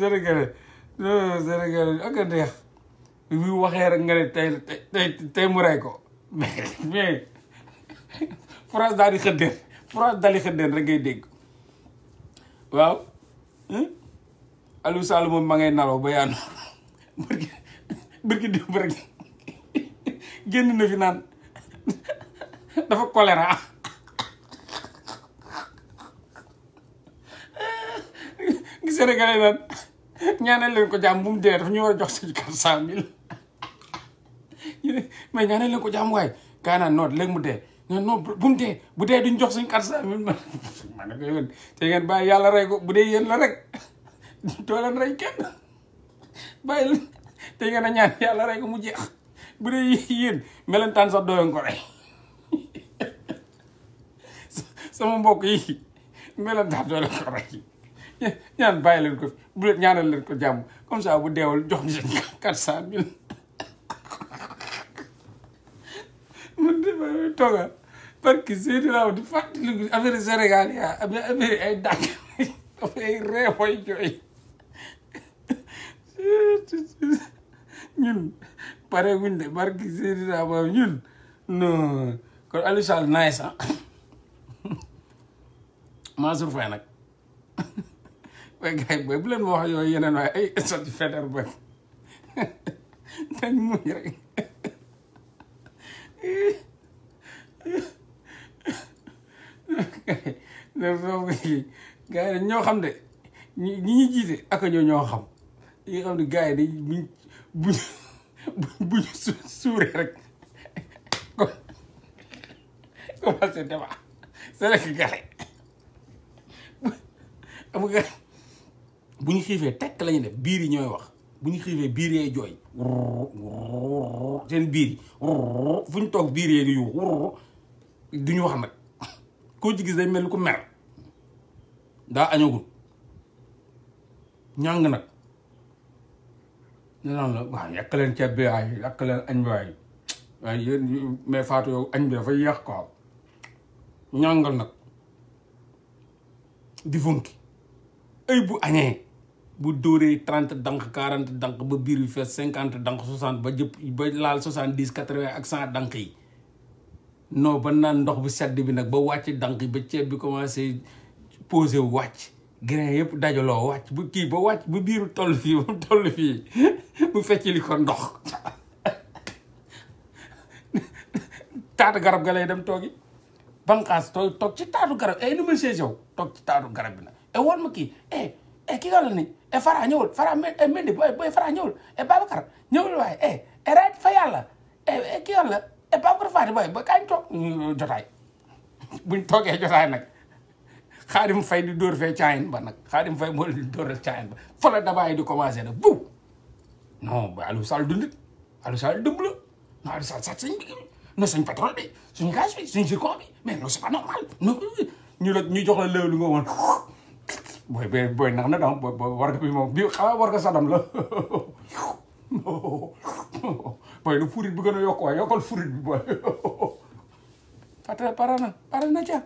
Sénégalais non Sénégalais ak a neex bu waxee rek nga ne tey tey mu rey ko mais mais France daal di dali France rek ngay deg. Waw. waaw hmm? Alu sal mom ma ngay nalo ba yaanu Barki barki démb rek génn na fi nan. dafa choléra gi Sénégalais nan. ñaanal leen ko jam bu mu dee daf ñu war a jox suñu quatre mais ñaanal leen ko jàmm waay kaa naa noot léegi mu dee non non bu mu dee bu dee yàlla rey ko bu dee yéen la rek a ñaan yàlla bàyyi leen ko bu leen ko jàmm comme ça bu deewul jox ñu quatre cent mille tooga barki Seydina di fàttaliku affaire Sénégal yaa ah, affaire ay dàq affaire ay reefoy jooy ñun pare guñ de barki Seydina ba ñun non kon Aliou Sall naay sax Mansour Faye nag waaye gars yi booy bu leen ma wax yooyu yeneen waaye ay soti feder ba dañ muñ rek gars yi ñoo xam de ñi ñuy jiite ñoo ñoo xam ñi nga xam yi dañ buñ bu ñu xiifee tekk lañu def biir yi ñooy wax bu ñu xiifee biir yee jooy seen biir yi fu ñu toog biir yee di yuuxu duñu wax nag koo ci gis day mel ni ku mer daa añagul ñàng nag ñu naan la waaw yàq leen ceeb bi waay yàq leen añ bi waay waaye yéen mais yow añ bi dafa yéex quoi ñàngal nag di funki ay bu añee bu dóoree trente dank quarante dank ba biir bi fees cinquante dank soixante ba jëpp ba laal soixante dix quatre vingt ak sant dank yi no ba nan ndox bu sedd bi nak ba wacc dank bi ceeb bi commencé poser wacc grain yep dajalo wacc bu ki ba wacc bu biiru toll fi bu toll fi bu fecci li ko ndox taatu garab galay dem togi bankas to tok ci taatu garab e nu monsieur yow tok ci taatu garab bi nag e eh, won ma eh, ki e e ki gal ni e Fara ñewul Fara boy boy Fara ñewul e babakar ñewul way e e ret fa yalla e e ki yalla et pas pour Faty Boye ba kañ toog jotaay buñ toogee jotaay nag Xaadim Fay di dóor fee caayin ba nag Xaadim Fay moo leen di dóoral caayin ba fa la dabaay di commencé nag bu non ba Aliou Sall dundit Aliou Sall dëmb la non Aliou Sall sax sañ bi non suñ pétrole bi suñu gaz bi suñu zircon bi mais non c'est pas normal non ñu la ñu jox la léew lu nga woon booy booy nax na dam booy warga bi moom bi xamaa warga sadam la booy lu furit bi gën a yokk waaye yokkal furit bi booy fata pare na pare na ca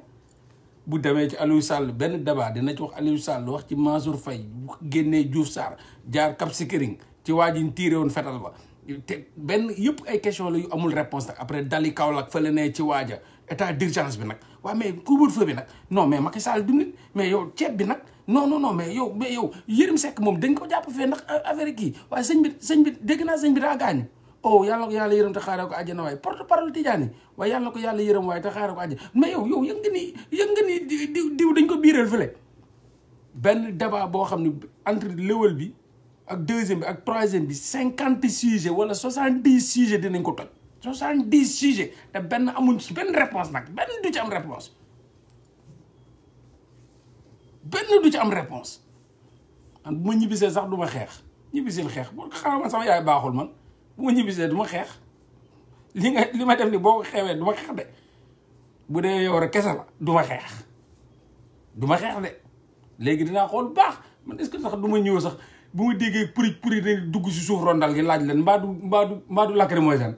bu demee ci Aliou Sall benn débat dina ci wax Aliou Sall wax ci Mansour Faye génnee Diouf Sarr jaar Cap Skirring ci waa ji tiire woon fetal ba te benn yëpp ay question la yu amul réponse nag après dali Kaolack fële ne ci waaja état d'urgence bi nag waaw mais couvre-feu bi nag non mais Macky Sall du nit mais yow ceeb bi nag non non non mais yow mais yow Yérim Seck moom dañ ko jàpp fee ndax euh, affaire kii waaye sëñ bi sëñ bi dégg naa sëñ bi daa gaañ oh yàlla ko yàlla yërëm te xaaree ko àjjana waaye porte parole Tidiane waaye yàlla ko yàlla yërëm waaye te xaaree ko àjjana mais yow yow yëg nga ni yëg dañ ko biiral fële benn débat boo xam ne entre level bi ak deuxième ak troisième bi cinquante sujets wala soixante dix sujets dinañ ko toj soixante dix sujets te benn amuñ ci benn réponse nag benn du ci am réponse ben du ci am réponse man bu ma sax duma ma ñibisé ñibbisil xeex bu xanaa sama yaay baaxul man buma ñibisé duma du li nga li ma def ni boko ko duma du dé bu dé yow rek kessa la duma ma duma du dé légui dina xol dinaa baax man est-ce que sax duma ma ñëw sax bu ma déggee puri puri dañuy dugg si suuf rondal gi laaj leen mbaa du mbaa du mbaa du lacrymogène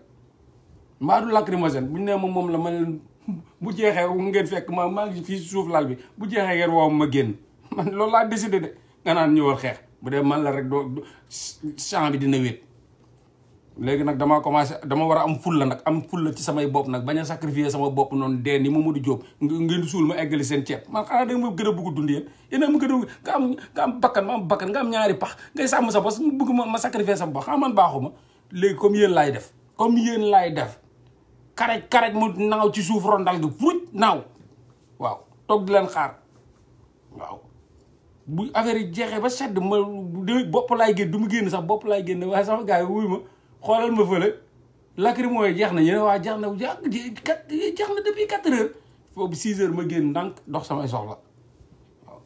mbaa lacrymogène bu ñu mom ma la man leen bu jeexee ngeen fekk ma maa ngi fii si suuf laal bi bu jeexee ngeen woo ma génn. man loolu laa dési de nga naan ñëwal xeex bu dee man la rek doo champ bi dina wéet léegi nag damaa commencé dama war a am la nag am la ci samay bopp nag bañ a sacrifier sama bopp noonu dee ni Mamadou Diop ngeen suul ma eggali seen ceeb ma a bëgg dund yéen yéen a nga am nga am bakkan ma am bakkan nga am ñaari pax ngay sàmm sa bos bëgg ma ma sacrifier bu bopp xam man baaxuma léegi comme yéen laay def comme yéen laay def karaj karaj mu naaw ci suuf rondal gi fuuj naaw waaw toog di leen xaar bu affaire yi jeexee ba sedd ma bopp laay génn du mu génn sax bopp laay génn waaye sama gars yi wuy ma xoolal ma fële mooy jeex na ñu waa jeex na jeex na depuis quatre heures foofu six heures ma génn ndànk dox samay soxla waaw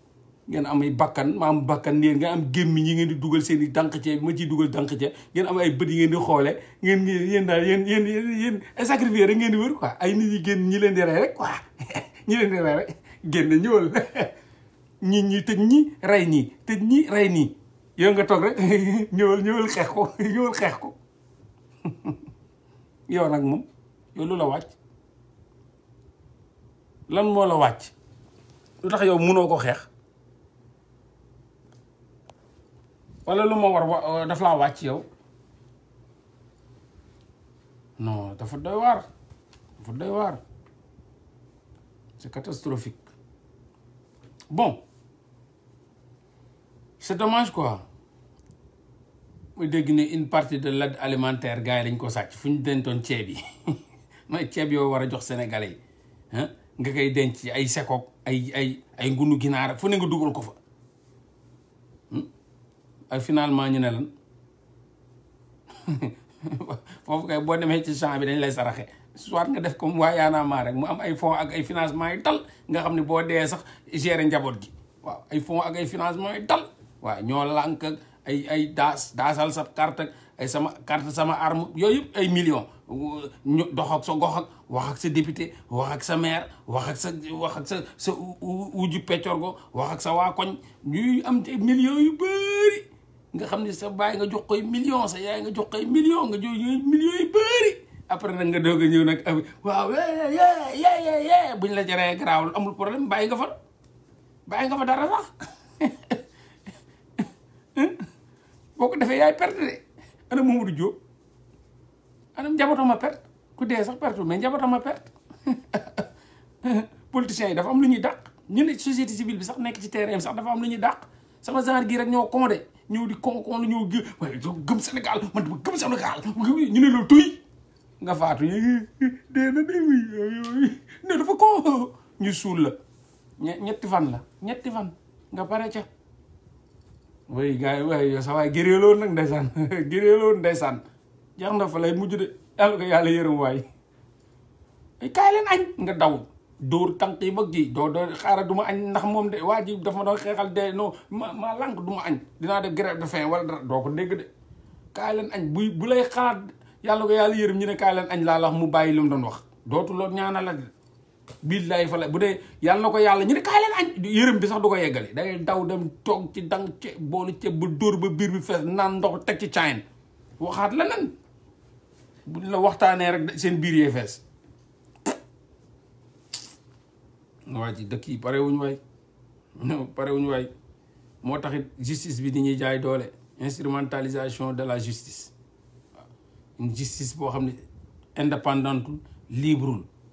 ngeen am ay bakkan ma am bakkan yéen ngeen am gémmiñ ngeen di dugal seen i dànq cee bi ma ciy dugal dànq cee ngeen am ay bët yi ngeen di xoole ngeen yéen daal yéen yéen yéen ay sacrifice rek ngeen di wër quoi ay nit yi génn ñi leen di rey ko quoi ñi leen di rek génn ñëwal ñi ñi tëj ñi rey nii tëj ñi rey nii yow nga toog rek ñëwal ñëwal xeex ko ñëwal xeex ko yow nag moom yow lu la wàcc lan moo la wàcc lu tax yow mënoo ko xeex walla lu ma war euh, daf laa wàcc yow non dafa doy waar dafa doy waar c'est catastrophique bon c'est dommage quoi mu dégg ne une partie de l'aide alimentaire gars yi lañ ko sàcc fu ñu dentoon ceeb yi mooy ceeb yoo war a jox sénégalais yi nga koy denc ci ay sekook ay ay ay ngunu ginaar fu ne nga duggul ko fa hmm? finalement ñu ne lan foofu boo demee ci champ bi dañ lay saraxe soit nga def comme waa Y'en mu am ay fonds ak ay financement yi tal nga xam ni boo dee sax gérer njaboot gi waaw ay fonds ak ay financement yu tal waaw ñoo lànk ak ay ay daas daasal sa carte ak ay sama carte sama arme yooyu yëpp ay millions ñu dox ak sa gox waxak wax ak sa député wax ak sa maire wax ak sa wax ak sa wax ak sa waa koñ ñuy am te millions yu bëri nga xam ne sa baay nga jox koy million sa yaay nga jox koy million nga jox millions yu bëri après nag nga doog a ñëw nag waaw ye buñ la jaree garaawul amul problème bàyyi nga fa bàyyi nga fa dara sax boo ko defee yaay perte de ana Mamadou Diop ana njabootam a perte ku dee sax perte mais njabootam a perte politiciens yi dafa am lu ñuy dàq ñu ne société civile bi sax nekk ci terrain bi sax dafa am lu ñuy dàq sama genre gi rek ñoo condé ñëw di con con ñëw gë waaye gëm Sénégal man dama gëm Sénégal ñu ne loolu tuy nga faatu dee na day wuy ne dafa ko ñu suul la ñetti fan la ñetti fan nga pare ca. way gaa yi waaye yow sa waay géréeloon nag ndeysaan géréeloon ndeysaan jeex na fa lay mujj de yàlla ko yàlla yërëm waay kaay leen añ nga daw dóor tànk yi mag ji doo doo xaaral du añ ndax moom de waa ji dafa ma doon xeexal de non ma ma lànk du ma añ dinaa def grève de faim wala dara doo ko dégg de kaay añ buy bu lay xalaat yàlla ko yàlla yërëm ñu ne kaay añ laa la mu bàyyi lu mu doon wax dootu loolu ñaanal la billaay fa la bu dee yàlla ko yàlla ñu ne kaay leen añ yërëm bi sax du ko yeggale day daw dem toog ci dang ce boolu ceeb ba dóor ba biir bi fees naan ndox teg ci caayin waxaat la nan buñ la waxtaanee rek seen biir yee fees waa ji dëkk yi pare wuñu waay pare wuñu waay moo taxit justice bi di ñuy jaay doole instrumentalisation de la justice une justice boo xam ne indépendante librewul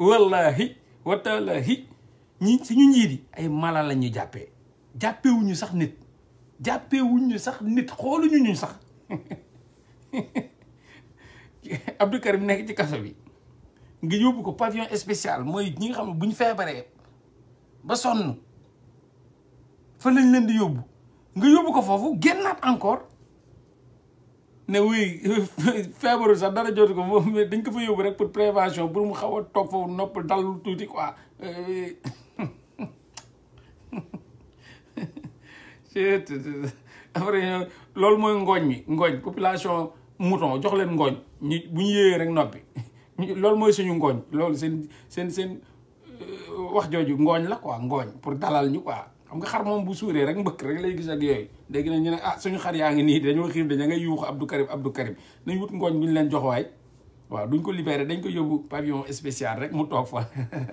wallahi watalahi ñi suñu njiit yi ay mala la ñu jàppee jàppewuñu sax nit jàppewuñu sax nit xooluñu ñu sax Abdou Karim nekk ci kaso bi nga yóbbu ko pavillon spécial mooy ñi xam ne bu ñu feebaree ba sonn fa lañ leen di yóbbu nga yóbbu ko foofu génnaat encore ne wuy feebaru sax dara jot ko moom dañ ko fa yóbbu rek pour prévention pour mu xaw a toog foofu nopp dal tuuti quoi après loolu mooy ngooñ mi ngooñ population mouton jox leen ngooñ ñu bu ñu yéeyee rek noppi loolu mooy suñu ngooñ loolu seen seen seen euh, wax jooju ngooñ la quoi ngooñ pour dalal ñu quoi xam nga xar mom bu suuree rek mbëkk rek lay gis ak yoy dégg na ñu ne ah suñu xar yaangi ni dañu dañoo dañ nga yuuxu Abdou Karim Abdou Karim nañ wut ngoñ buñ leen jox way waaw duñ ko libérer dañ ko yobbu pavillon spécial rek mu tok fa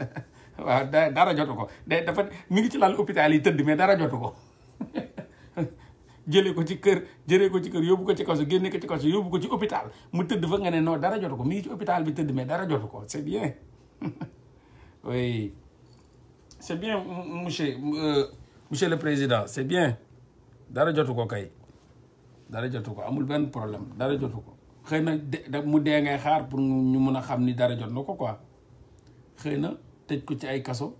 waaw dara jotu ko day dafa mi ngi ci lal hôpital yi teud mais dara jotu ko jëlee ko ci kër jëré ko ci kër yobbu ko ci kaso génné ko ci kaso yobbu ko ci hôpital mu teud fa nga ne non dara jotu ko mi ngi ci hôpital bi teud mais dara jotu ko c'est bien oui c'est bien monsieur euh monsieur le président c'est bien dara jotu ko kay dara jotu ko amul ben problème dara jotu ko xëy mu dee ngay xaar pour ñu mëna a xam ni dara jot na quoi xëy na ko ci ay kasso.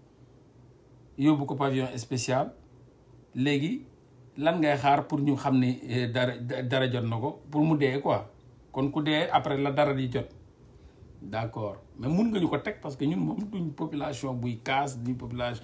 yóbbu ko pavillon spécial Légui lan ngay xaar pour ñu xam ni eh, dara dara jot na pour mu dee quoi kon ku dee après la dara di jot d'accord mais mun nga ñu ko teg parce que ñun mom duñ population buy casse di population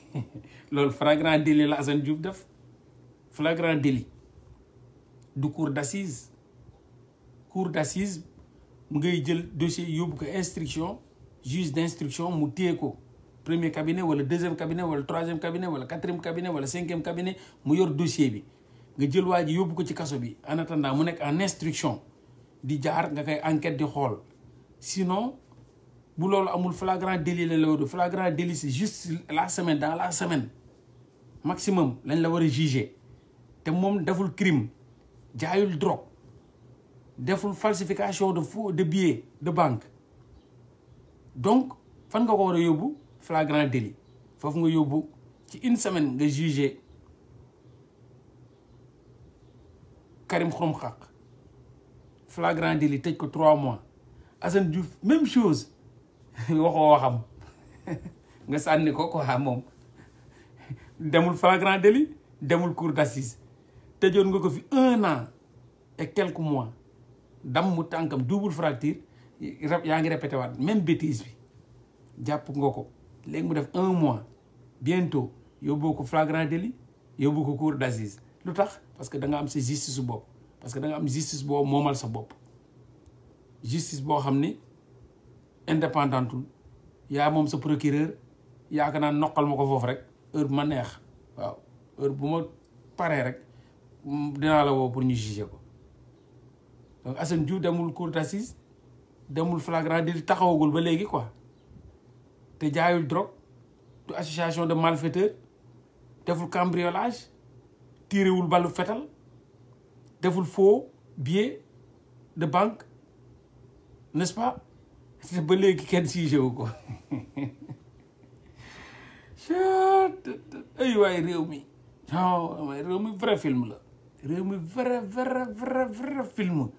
Le flagrant délit la Assane Diouf def flagrant délit du cour d'assises cour d'assises mu ngay jël dossier yóbbu ko instruction juge d'instruction mu éco premier cabinet wala deuxième cabinet wala troisième cabinet wala quatrième cabinet wala cinquième cabinet mu yor dossier bi nga jël waji ji ko ci kaso bi en attendant mu nek en instruction di jaar nga koy enquête di xol sinon bu loolu amul flagrant délit le flagrant délit c'est juste la semaine dans la semaine maximum Et la war a juger il moom deful crime jaayul drogue deful falsification de falsification de billets de banque donc fan nga ko war a flagrant délit foofu nga yóbbu ci une semaine nga juger Karim Khromkhak. flagrant délit peut-être que trois mois même chose waxoo waxam nga sànni ko quoi moom demul flagrant deli demul cour d'assises tëjoon nga ko fi un an et quelques mois dam mu tànkam double fracture yaa ngi répété waat même bi jàpp nga ko léegi mu def un mois bientôt yóbboo ko flagrant délit yóbbu ko cour d'assises lu tax parce que da nga am sa justice bopp parce que danga am justice boo moomal sa bopp justice boo xam ni indépendantul y a sa procureur yaakaar naa noqal ma ko foofu rek heure bu ma neex waaw heure bu ma rek mm, dinaa la woo pour nous juger ko donc Assane Diouf demul cour d'assises demul flagrant délit taxawagul ba léegi quoi te jaayul drogue du association de malfaiteurs deful cambriolage tiirewul ballu fetal deful faux billet de banque n'est-ce pas te ba léegi kenn jugé wu ko ay waay réew mi non réew mi vrai film la réew mi vrai vrai vrai vrai film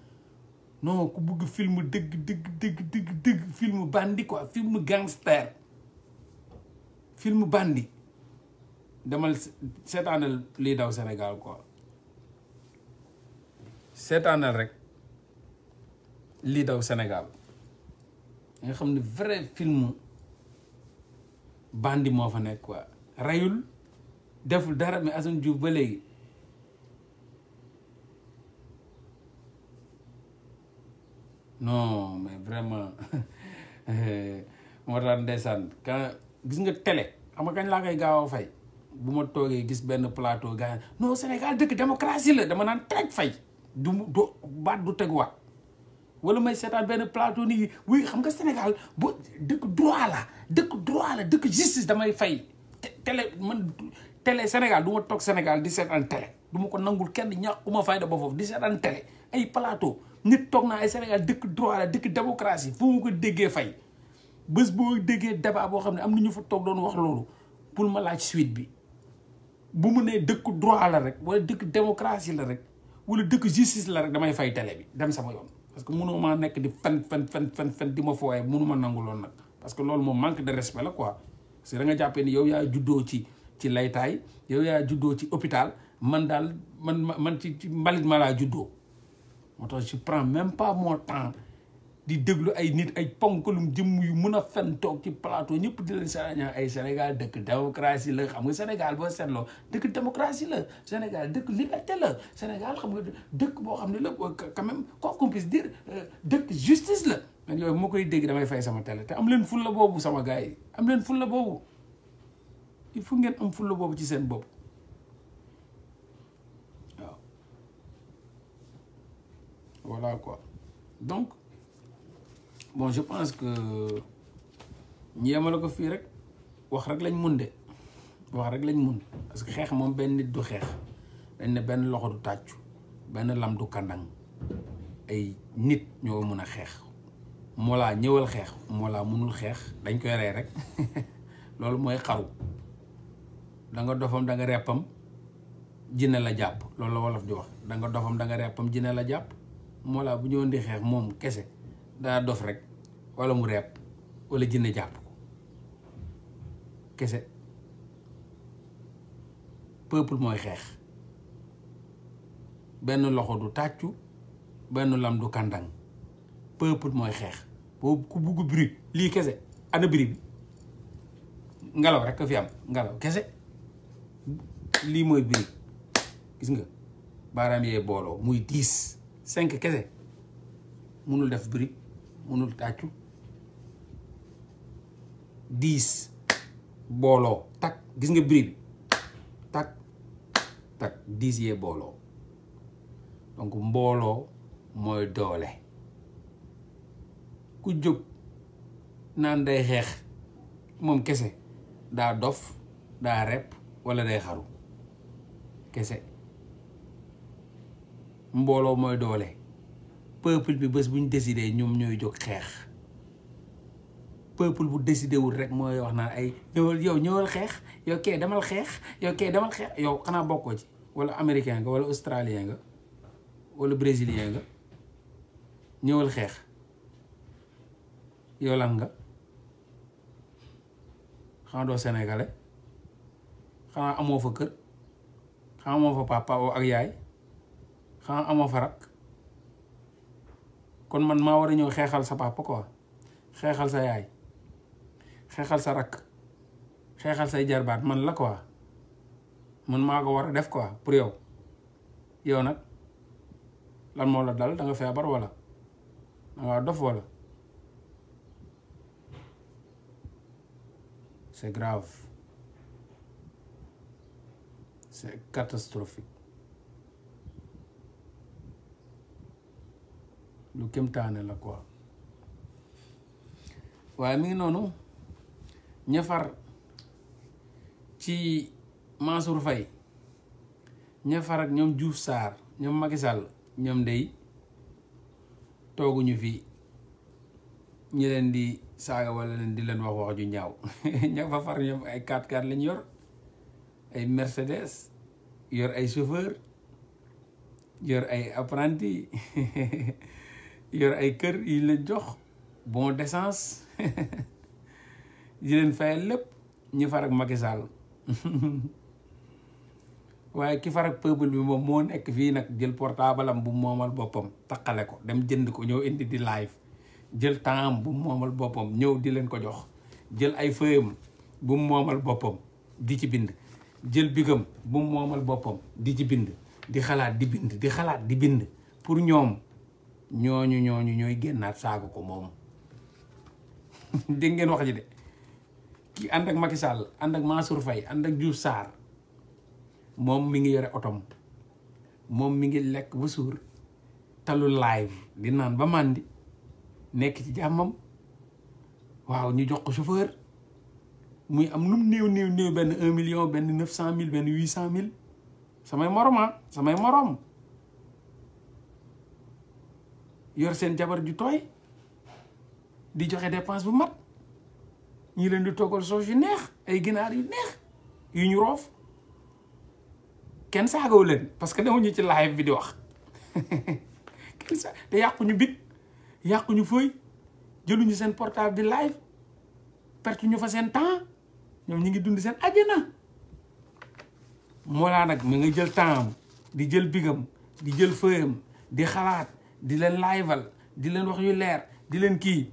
non ku bëgg film dëgg dëgg dëgg dëgg dëgg film bandi quoi film gangster film bandi demal seetaanal lii daw Sénégal quoi seetaanal rek lii daw Sénégal nga xam ne vrai film bandi moo fa nekk quoi rayul deful dara mais Assane Diouf ba léegi non mais vraiment moo tax ndeysaan quand gis nga télé xam nga kañ laa koy gaaw fay bu ma toogee gis benn plateau gars non Sénégal dëkk démocratie la dama naan tej fay du du baat du teguwaat wala may seetaan benn plateau nii wuy xam nga Sénégal bu dëkk droit la dëkk droit la dëkk justice damay fay télé man télé Sénégal du ma toog Sénégal di seetaan télé du ma ko nangul kenn ñàkkuma fayda ba foofu di seetaan télé ay plateau toog naa ay Sénégal dëkk droit la dëkk démocratie fu mu ko déggee fay bés boo déggee débat boo xam ne am na ñu fa toog doon wax loolu pour ma laaj suite bi bu mu nee dëkk droit la rek wala dëkk démocratie la rek wala dëkk justice la rek damay fay télé bi dem sama yoon parce que mënoo maa nekk di fen fen fen fen fen di ma fooyee mënuma nangu loolu nag parce que loolu moom manque de respect la quoi parce que da jàppee ni yow yaa juddoo ci ci laytaay yow yaa juddoo ci hôpital man daal man man ci mbalit ma laa juddoo moo tax je prends même pas mon temps di déglu ay nit ay ponkalum jëmm yu mun a fen toog ci plateau ñëpp di leen sarañaa ay Sénégal dëkk démocratie la xam nga Sénégal boo seetloo dëkk démocratie la Sénégal dëkk liberté la Sénégal xam nga dëkk boo xam ne la euh, quand même quoi qu'on puisse dire euh, dëkk justice la man yooyu moo koy dégg damay fay sama télé te am leen fulla boobu sama gaay yi am leen fulla boobu il faut ngeen am fulla boobu ci seen bopp waaw voilà quoi bon je pense que ñi yemale ko fii rek wax rek lañ mundé wax rek lañ mun parce que xex mom ben nit du xex dañ ne loxo du taccu ben lam du kandang ay nit ñoo mëna xex mola moo xex mola mënul xex munul dañ koy ray rek lool moy xaru da nga dofam da nga repam jinne la japp lool la wolof di wax da nga dofam da nga repam jinne la japp mola bu ñëwoon di xex moom kese daa dof rek wala mu repp walla jinne jàpp ko kese peuple mooy xeex benn loxo du tàccu benn lam du kàndang peuple mooy xeex boobu ku bugg bruit lii kese ana bruit bi ngelaw rek a fi am ngelaw kese lii mooy bruit gis nga baaraam yee booloo muy dix cinq kese mënul def bruit mënul tàccu dix booloo tak gis nga bruit bi tak tak dix yee booloo donc mbooloo mooy doole ku jóg naan day xeex moom kese daa dof daa rep walla day xaru kese mbooloo mooy doole peuple bi bés bu ñu décidé ñoom ñooy jóg xeex peuple bu décidé rek mooy wax naa ay ñëwal yow ñëwal xeex yow kay demal xeex yow xanaa bokkoo ci wala americain nga wala australien nga wala brésilien nga ñëwal xeex yow lan nga xanaa doo sénégalais xanaa amoo fa kër xanaa amoo fa papa ak yaay xanaa amoo fa rak kon man maa war a ñëw xeexal sa papa quoi xeexal sa yaay xeexal sa rakk xeexal say jarbaat man la quoi man maa ko war a def quoi pour yow yow nag lan moo la dal da nga feebar wala da nga dof wala c'est grave c'est catastrophique lu kémtaane la quoi waaye mi ngi noonu ñafar ci Mansour Faye ñafar ak ñoom Diouf saar ñoom Macky Sall ñoom day tooguñu fi ñi leen di saaga wala leen di leen wax wax ju ñaaw ña fa far ñoom ay 4 x lañ yor ay Mercedes yor ay chauffeur yor ay apprenti yor ay kër yi leen jox bon d'essence yi leen fayal lépp ñi far ak waaye ki far ak bi moom moo nekk fii nag jël portaabalam am bu moomal boppam taqale ko dem jënd ko ñëw indi di live jël temps bu moomal boppam ñëw di leen ko jox jël ay fëyam moomal boppam di ci bind jël bigam bu moomal boppam di ci bind di xalaat di bind di xalaat di bind pour ñoom ñooñu ñooñu ñooy génnaat saago ko moom dégg ngeen wax ji de ki ànd ak Macky Sall ànd ak Mansour Fay ànd ak Diouf Sar moom mi ngi yore otom moom mi ngi lekk ba suur talu live di naan ba mandi nekk ci jàmmam waaw ñu jox ko chauffeur muy am lu mu néew néew néew benn un million benn neuf cent mille benn huit cent mille samay moromaa ah, samay moroom yor seen jabar ju tooy di joxe dépense bu mat ñi leen di toggal soos yu neex ay ginaar yu neex yu ñu roof kenn saagaw leen parce que demuñu ci live bi di wax kenn sa te yàquñu bit yàquñu fëy jëluñu seen portable di live perte ñu fa seen temps ñoom ñu ngi dund seen àjjana moo laa nag mu nga jël temps di jël bigam di jël fëyam di xalaat di len dilen di len wax yu leer di len ki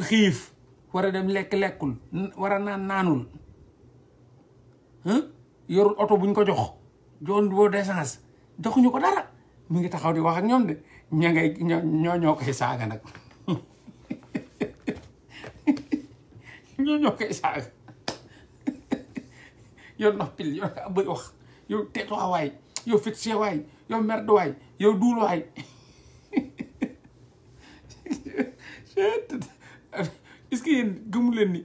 xif wara dem lek lekul wara nan nanul hein yorul auto buñ ko jox joon bo d'essence joxuñu ko dara mi ngi taxaw di wax ak ñom de ña ngay ñoo ñoo koy saaga nak ñoo ñoo koy saaga yo nopil yo bëy wax yo teet fixé yow duul waay est-ce que yéen leen ni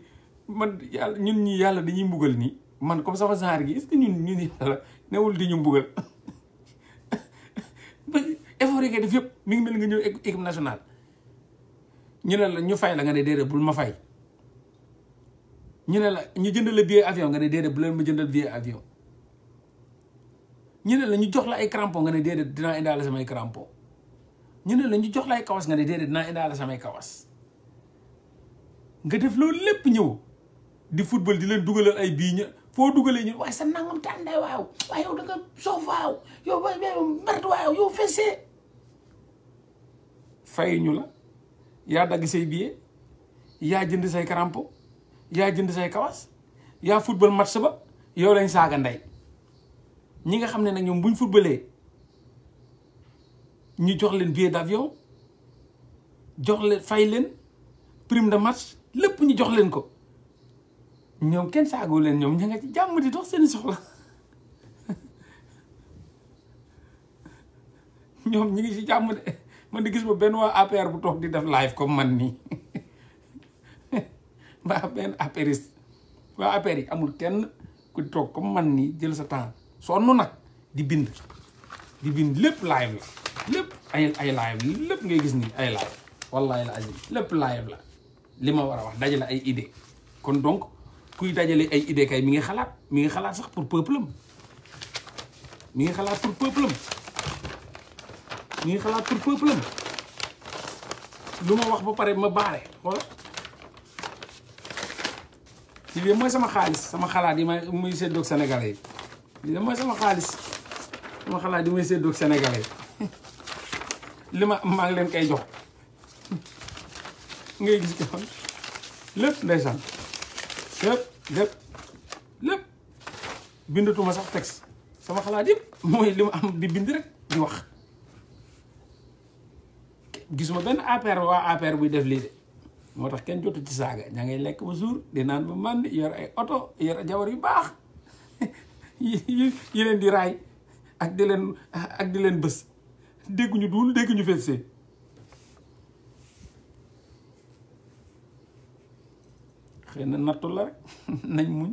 man yàlla ñun ñi yàlla dañuy mbugal nii man comme sama saar gi est-ce que ñun ñun yàlla newul di ñu mbugal effort yi ngay def yëpp mi ngi mel nga ñëw équipe national ñu ne la ñu fay la nga ne déedéet bul ma fay ñu ne la ñu jëndal la billet avion nga ne déedéet bu leen ma jëndal billet avion ñu ne la ñu jox la ay crampon nga ne dina dinaa sama ay crampon ñu ne la ñu jox la ay kawas nga ne dina dinaa sama ay kawas nga def loolu lepp ñew di football di leen dugalal ay bii fo foo dugalee ñu way sa nangam tànday waaw way yow da nga sof waaw yow ba mbert waaw yow fessé fay ñu la ya dag sey biye ya jënd sey crampon ya jënd sey kawas ya football match ba yow lañ saga nday ñi nga xam ne nag ñoom buñ footballee ñu jox leen billet yow jox leen fay leen prime de match lépp ñu jox leen ko ñoom kenn saagoo leen ñoom ña nga ci jàmm di dox seen soxla ñoom ñi ngi ci jàmm de man di gis ma benn waa APR bu toog di def live comme man nii mbaa benn apériste waa APR yi amul kenn ku toog comme man nii jël sa temps sonu nak di bind di bind lepp live la lepp ay ay live lepp ngay gis ni ay live wallahi la azim live la lima wara wax dajale ay idée kon donc kuy dajale ay idée kay mi ngi xalat mi ngi xalat sax pour peuple mi ngi xalat pour peuple mi ngi xalat pour peuple wax ba ma wala ci lii mooy sama xaalis sama xalaat yi ma muy seen sénégalais lima mooy sama xaalis sama xalaat di may séddoog sénégalais lima ma maa ngi leen koy jox ngay gis ko lépp ndeysaan lépp lépp sax texte sama di bind rek di wax gisuma APR APR def de ci da ngay ba di ba yor ay otto, yor jawari yu yi yi leen di raay ak di leen ak di leen bës dégguñu duul dégguñu fessé xeyna na la rek nañ muñ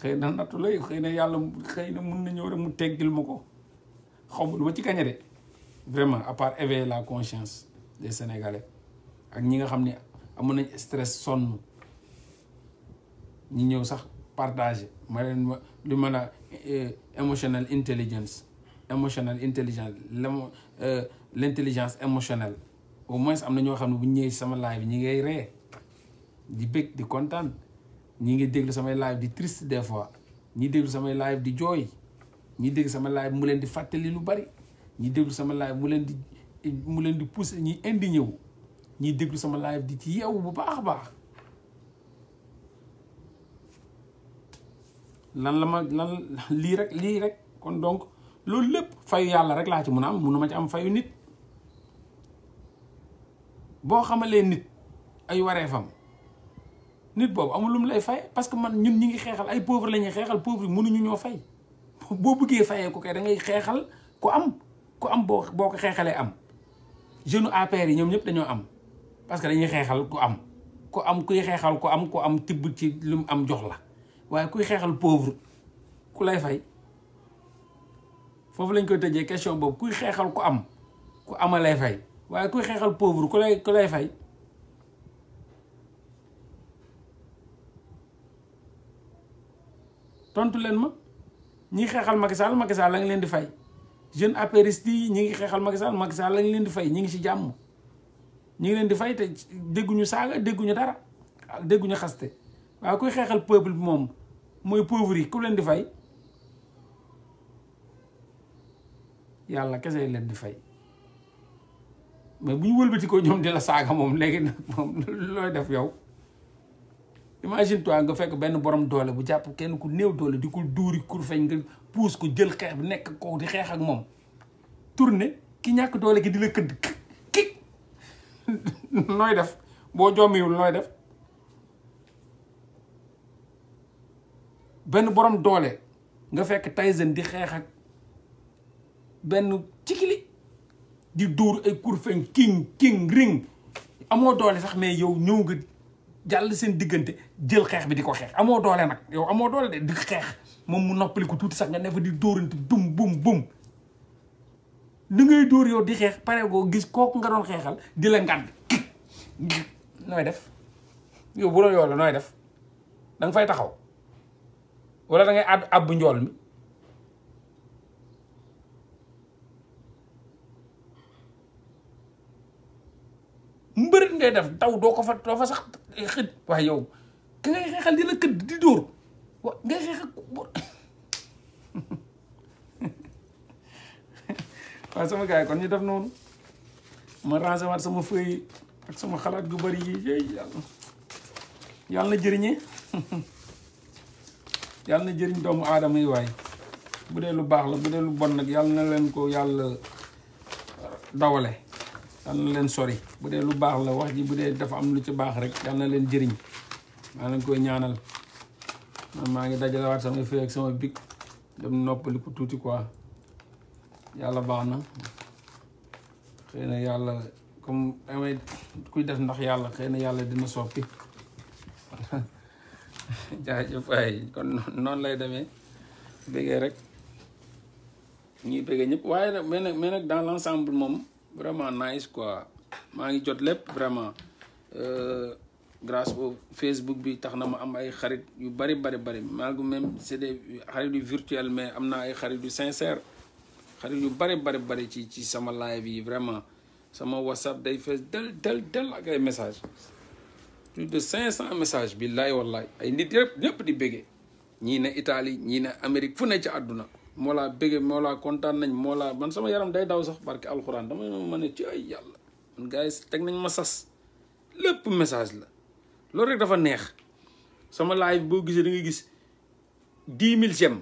xeyna na nattu la xëy na yàlla xëy na mun ñëw rek mu teggil ma ko xaw ma ci gañe dé vraiment à part éveiller la conscience des sénégalais ak ñi nga xamni ne nañ stress sonn ñi ñëw sax Partage, ma emotional euh, intelligence emotional intelligence euh, émotionnelle au moins am na ñoo bu sama live ñi ngay ree di di ñi ngi live triste des fois ñi déglu samay live di jooy ñi déglu sama live mu leen di fàttali lu bari ñi sama live mu leen di mu di pousser live di bu lan la ma lan lii rek lii rek kon donc loolu lépp fayu yàlla rek laa ci mun a am munu ma ci am fayu nit boo xamalee nit ay wareefam nit boobu amul lu mu lay fay parce que man ñun ñi ngi xeexal ay pauvre lañuy xeexal pauvre yi mënuñu ñoo fay boo bëggee fayee ko kay da ngay xeexal ku am ku am boo boo ko xeexalee am jeune APR yi ñoom ñëpp dañoo am parce que dañuy xeexal ku am ku am kuy xeexal ku am ku am tibb ci lu mu am jox la waaye kuy xeexal pauvre ku lay fay foofu lañ koy tëjee question boobu kuy xeexal ku am ku ama lay fay waaye kuy xeexal pauvre ku lay ku lay fay tontu leen ma ñi xeexal Macky Sall Macky Sall leen di fay jeune apériste yi ñi ngi xeexal Macky Sall Macky Sall leen di fay ñi ngi ci jàmm ñi ngi leen di fay te dégguñu saaga dégguñu dara dégguñu xaste waaye kuy xeexal peuple bi moom mooy pauvre yi ku leen di fay yàlla kese leen di fay mais bu ñu wëlbati ko ñoom di la saaga moom léegi nag moom looy def yow imagine toi nga fekk benn borom doole bu jàpp kenn ku néew doole di ko duuri kur feñ nga puus ko jël xeex bi nekk ko di xeex ak moom tourné ki ñàkk doole gi di la këdd ki nooy def boo jommiwul nooy def benn borom doole nga fekk Tyson di xeexal ak benn cikili di dóor ay kurfeñ king king ring amoo doole sax mais yow ñëw nga jàll seen diggante jël xeex bi di ko xeex amoo doole nag yow amoo doole de di xeex moom mu noppali ko tuuti sax nga ne di dóorante bum bum bum ni ngay dóor yow di xeex pare gis kooku nga doon xeexal di la ngànd nooy def yow bu la yoo la nooy def da fay taxaw wala da ngay add ab njool mi mbeur ngay def taw do ko fa do fa sax xit wa yow ka ngay xexal di la këdd di dor wa ngay xeexal wa sama gay kon ñu def non ma rangé wat sama feuy ak sama xalaat gu bari yi yalla yalla na yàlla na jëriñ doomu aadama yi waay bu dee lu baax la bu dee lu bon nag yàlla na leen ko yàlla dawale yàlla na leen sori bu dee lu baax la wax ji bu dee dafa am lu ci baax rek yàlla leen jëriñ maa leen koy ñaanal maa ngi dajalewaat sama fii tuuti quoi yàlla baax na na yàlla comme kuy def ndax yàlla xëy na yàlla dina soppi jaajëf waay kon noonu lay demee bëggee rek ñuy bëggee ñëpp waaye nag mais nag mais nag daal l' ensemble moom vraiment nice quoi maa ngi jot lépp vraiment euh, grâce au Facebook bi tax na ma am ay xarit yu bari bari bari malgré même c' des xarit yu virtuel mais am naa ay xarit yu sincère xarit yu bari bari bari ci ci sama live yi vraiment sama WhatsApp day fees del del del akay ay message plus de cinq cent messages billaay wallaay ay nit yëpp ñëpp di béggee ñii ne Italie ñii ne Amérique fu ne ci àdduna moo laa béggee moo laa kontaan nañ moo laa man sama yaram day daw sax barke alxuraan dama ma ne ci ay yàlla man gars yi teg nañ ma sas lépp message la loolu rek dafa neex sama live boo gisee da nga gis dix mille j'aime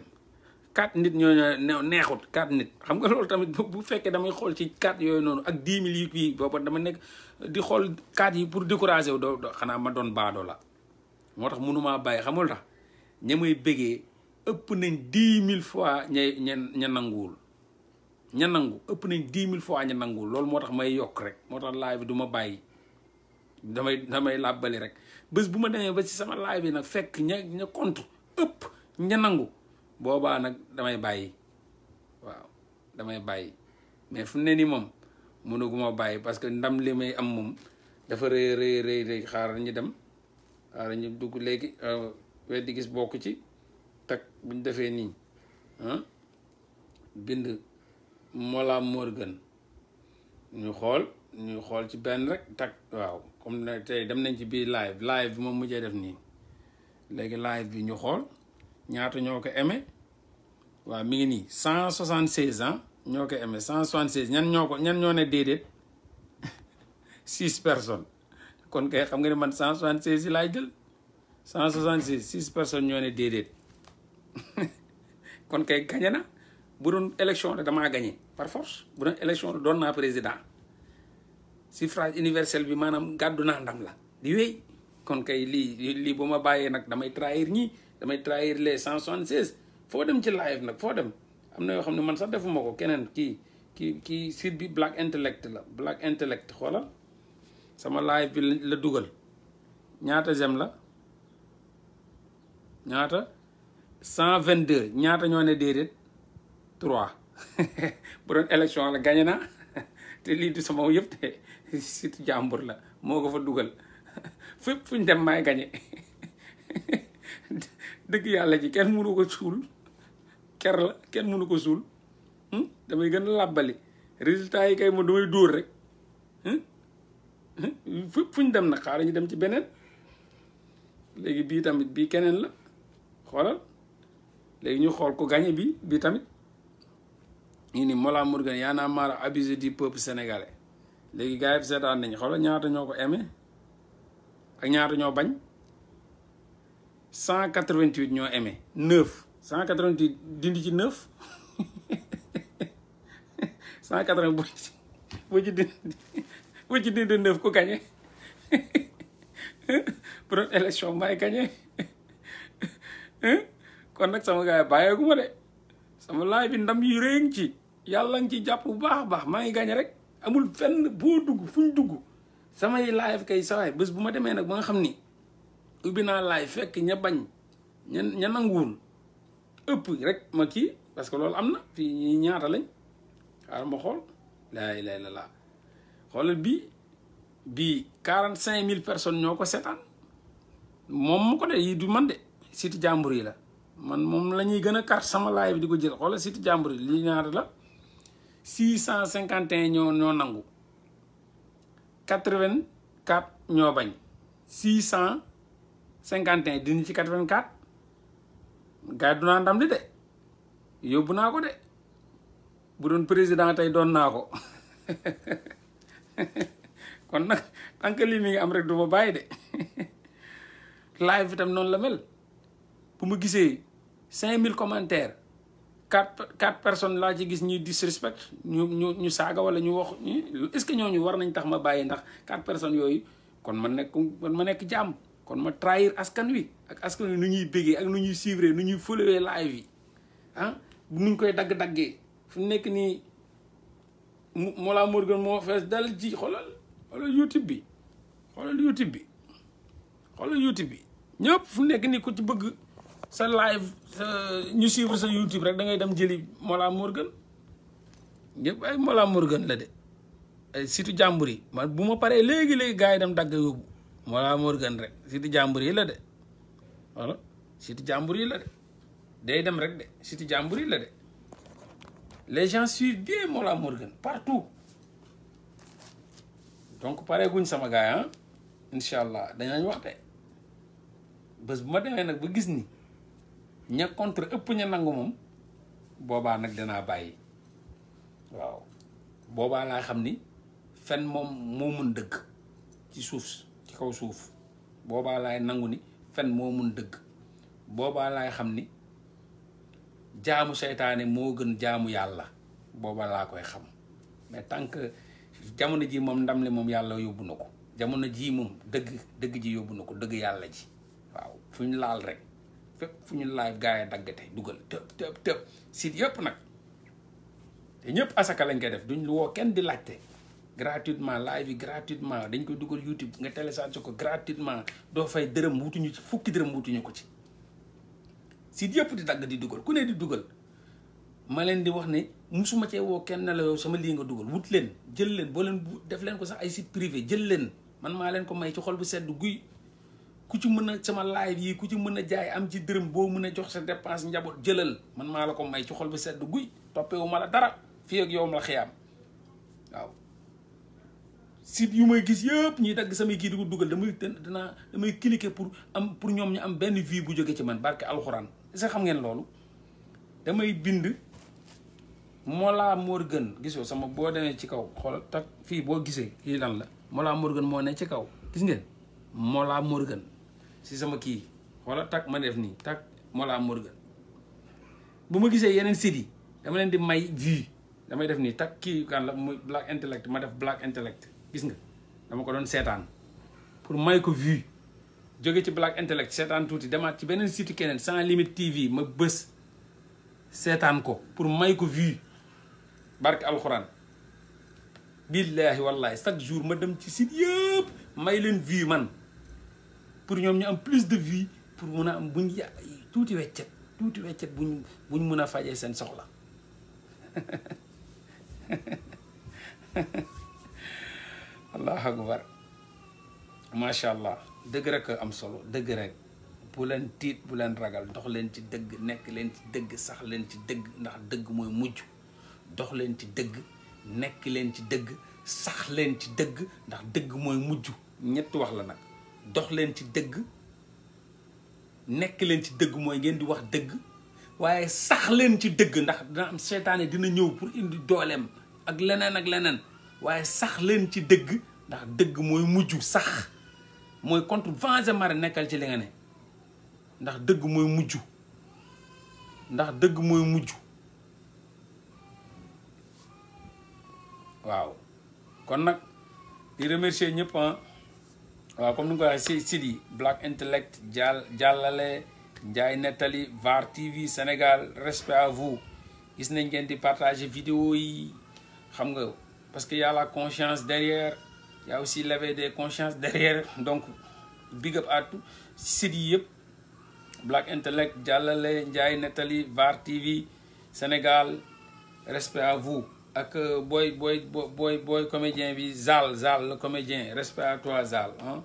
quatre nit ñooñu neexut quatre nit xam nga loolu tamit bu fekkee damay xool ci quatre yooyu noonu ak dix mille yi kii booba dama nekk di xool quatre yi pour décourager wu doo xanaa ma doon baadoo la moo tax mënumaa bàyyi xamul tax ña may bëggee ëpp nañ dix mille fois ña ña ña nanguwul ña nangu ëpp nañ dix mille fois ña nanguwul loolu moo tax may yokk rek moo tax live bi du ma bàyyi damay damay làbbali rek bés bu ma demee ba si sama live bi nag fekk ña ña compte ëpp ña nangu boobaa nag damay bàyyi waaw damay bàyyi mais fu ne ni moom mënuguma bàyyi parce que ndam li may am moom dafa rëy rëy rëy rëy xaaral ñu dem xaaral ñu dugg léegi euh, weddi gis bokk ci tak buñ defee nii bind Mollah Morgun ñu xool ñu xool ci benn rek tak waaw comme tey dem nañ ci biir live live bi moom mujjee def nii léegi live bi ñu xool ñaata ñoko aimé wa mi ngi ni 176 ans ñoko aimé 176 ñan ñoko ñan ñone ne 6 personnes kon kay xam nga ni man 176 soixante yi laay jël 176 6 personnes ñone ne kon kay gañe na bu doon élection da ma gagné par force bu doon élection la doon naa président suffrage universel bi manam gàddu naa ndam la di wey kon kay li li buma bayé nak damay trahir ñi damay trahir les cent soixante seize foo dem ci live nag foo dem am na yoo xam ne man sax defuma ko keneen kii ki kii site bi Black Intellect la Black Intellect xoola sama live bi la dugal ñaata j'aime la ñaata cent vingt deux ñaata ñoo ne déedéet trois bu doon élection la gagné naa te lii di sama yëpp te site jàmbur la moo ko fa dugal fépp fu ñu dem maay gagné dëgg yàlla ji kenn mënu ko suul ker la kenn mënu ko suul hmm? damay gën a làbbali résultat yi kay moom damay dóor rek hmm? Hmm? fu fuñ dem nag xaaral ñu dem ci beneen léegi bii tamit bii keneen la xoolal léegi ñu xool ko gañe bi bii tamit ñu ni Mollah Morgun yaa naa maar a abusé du peuple léegi gars yi seetaan nañu xoolal ñaata ñoo ko aimé ak ñaata ñoo bañ cent quatre-vingt-huit ñoo aimé neuf cent quatre-vingt-huit dindi ci neuf cent quatre-vingt boo ci dindi boo ci dindi neuf ku gañe pour élection may gañe kon nag sama gars yi bàyyeeku ma de sama laay bi ndam yu ngi ci yàlla ngi ci jàpp bu baax a baax maa ngi gañe rek amul fenn boo dugg fu ñu dugg samay live kay sawaay bés bu ma demee nag ba nga xam ni ubbi naa laay fekk ña bañ ña ña nanguwul ëpp rek ma kii parce que loolu am na fii ñi ñaata lañ xaaral ma xool laa ilaaha illallaah xoolal bii bii quarante cinq mille personnes ñoo ko seetaan moom mu ko de yi du man de site jàmbur yi la man moom la ñuy gën a kar sama laay bi di ko jël xoolal site jàmbur yi li ñaata la six cent cinquante et un ñoo nangu quatre vingt quatre ñoo bañ six cent cinquante et un ci quatre vingt quatre naa ko de bu doon président tey doon naa kon nag tant que mi ngi am rek bàyyi de live itam noonu la mel bu ma gisee cinq mille commentaires quatre quatre personnes laa ci gis ñuy disrespect ñu ñu ñu saaga wala ñu wax est-ce que ñooñu war nañ tax ma bàyyi ndax quatre personnes yooyu kon ma nekk kon ma nekk jàmm kon ma trahir askan wi ak askan wi nu ñuy béggee ak nu ñuy suivre nu ñuy followee live yi ah nuñ koy dagg-daggee fu nekk nii Mollah Morgun moo fees dal ji xoolal xoolal YouTube bi xoolal YouTube bi xoolal YouTube bi ñëpp fu nekk nii ko ci bëgg sa live sa ñu suivre sa YouTube rek dangay dem jëli Mollah Morgun ñëpp ay Mollah Morgun la de ay jàmbur yi ma bu ma paree léegi-léegi gars yi dem dagg yóbbu Mollah gan rek siti jamburi yi la de wala site jàmbur la de day dem rek de siti jamburi yi la de les gens suivent bien Mollah gan partout donc pare guñ sama gaay hein inshallah allah lañ wax de bés bu ma démé nag ba gis ni ña contre ëpp ña nangum mom boba nag dana bayyi waaw boba la xamni fen mom moo mën ci kaw suuf boobaa laay nangu ni fen moo mun dëgg boobaa laay xam ni jaamu seytaane moo gën jaamu yàlla boobaa laa koy xam mais tant jamono ji moom ndam li moom yàlla yóbbu na ko jamono jii moom dëgg dëgg ji yóbbu na ko dëgg yàlla ji waaw fu ñu laal rek fépp fu ñu laal gaa yi daggate dugal tëb tëb tëb sit yëpp nag te ñëpp asaka lañ koy def duñ woo kenn di laajte gratuitement live gratitude gratuitement dañ ko duggal youtube nga télécharger ko gratuitement ma, fay deureum wutuñu ci fukki deureum wutuñu ko ci si yëpp di dag di duggal ku ne di duggal ma len di wax ne musuma ci wo kenn na la yow sama li nga duggal wut len jël len bo len def len ko sax ay site privé jël len man ma len ko may ci xol bu sedd guuy ku ci sama live yi ku ci mën jaay am ci deureum bo mën jox sa dépense njabot jëlal man ma la ko may ci xol bu sedd guuy topé wu mala dara fi ak yow mala xiyam site yu may gis yëpp ñi dagg sama kii di ko dugal damay dana damay cliquer pour am pour ñom ñu am ben vie bu jóge ci man barke alcorane sa xam ngeen lolu damay bind Mollah Morgun sama bo demee ci kaw xol tak fi bo gisé yi lan la mola morgan mo né ci kaw gis ngeen mola morgan si sama ki xol tak ma def ni tak mola Morgan bu ma gisee yeneen site dama len di may vie damay def ni tak ki kan la black intellect ma def black intellect gis nga dama ko doon seetaan pour may ko vue jóge ci Black Intellect seetaan tuuti demaat ci beneen site keneen sans limite TV ma bës seetaan ko pour may ko vue barke alxuraan billaahi wallaahi chaque jour ma dem ci site yëpp may leen vue man pour ñoom ñu am plus de vue pour mun a am buñ ya tuuti weccet tuuti weccet buñ buñ mun a fajee seen soxla allah akbar macha allah dëgg rek am solo dëgg rek bu leen tiit bu leen ragal dox leen ci dëgg nekk leen ci dëgg sax leen ci dëgg ndax dëgg mooy mujj dox leen ci dëgg nekk leen ci dëgg sax leen ci dëgg ndax dëgg mooy mujj ñetti wax la nag dox leen ci dëgg nekk leen ci dëgg mooy ngeen di wax dëgg waaye sax leen ci dëgg ndax dana am seytaane dina ñëw pour indi dooleem ak leneen ak leneen waaye sax leen ci dëgg ndax dëgg mooy mujj sax mooy contre vents et marées nekkal ci li nga ne ndax dëgg mooy mujj ndax dëgg mooy mujj waaw kon nag di remercier ñëpp ah. waaw comme ni nga ko waxee si yi Black Intellect jàll jàllale njaay Nettali VAR TV Sénégal respect à vous gis nañ ngeen di partager vidéo yi xam nga parce qu'il y a la conscience derrière, il y a aussi l'éveil des consciences derrière. Donc, big up à tout. Sidi Yep, Black Intellect, Djalale, Ndiaye Nathalie, VAR TV, Sénégal, respect à vous. Avec boy, boy, boy, boy, boy comédien, Zal, Zal, le comédien, respect à toi, Zal. Hein?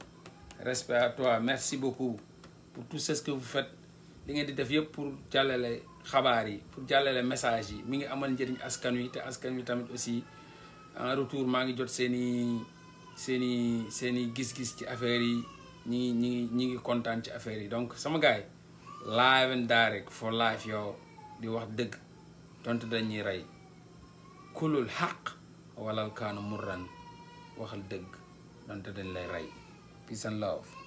Respect à toi, merci beaucoup pour tout ce que vous faites. li ngeen di def pour jàllale xabaar yi pour jàllale message yi mi ngi amal njëriñ askan wi askan tamit aussi en retour maa ngi jot seeni i seen i seen i gis-gis ci affaire yi ñi ngi ñi ngi ñi ngi kontaan ci affaire yi donc sama gars yi live and direct for life yow di wax dëgg dañ dañuy rey kulul xaq walal kaanu murran waxal dëgg donte dañ lay rey peace and love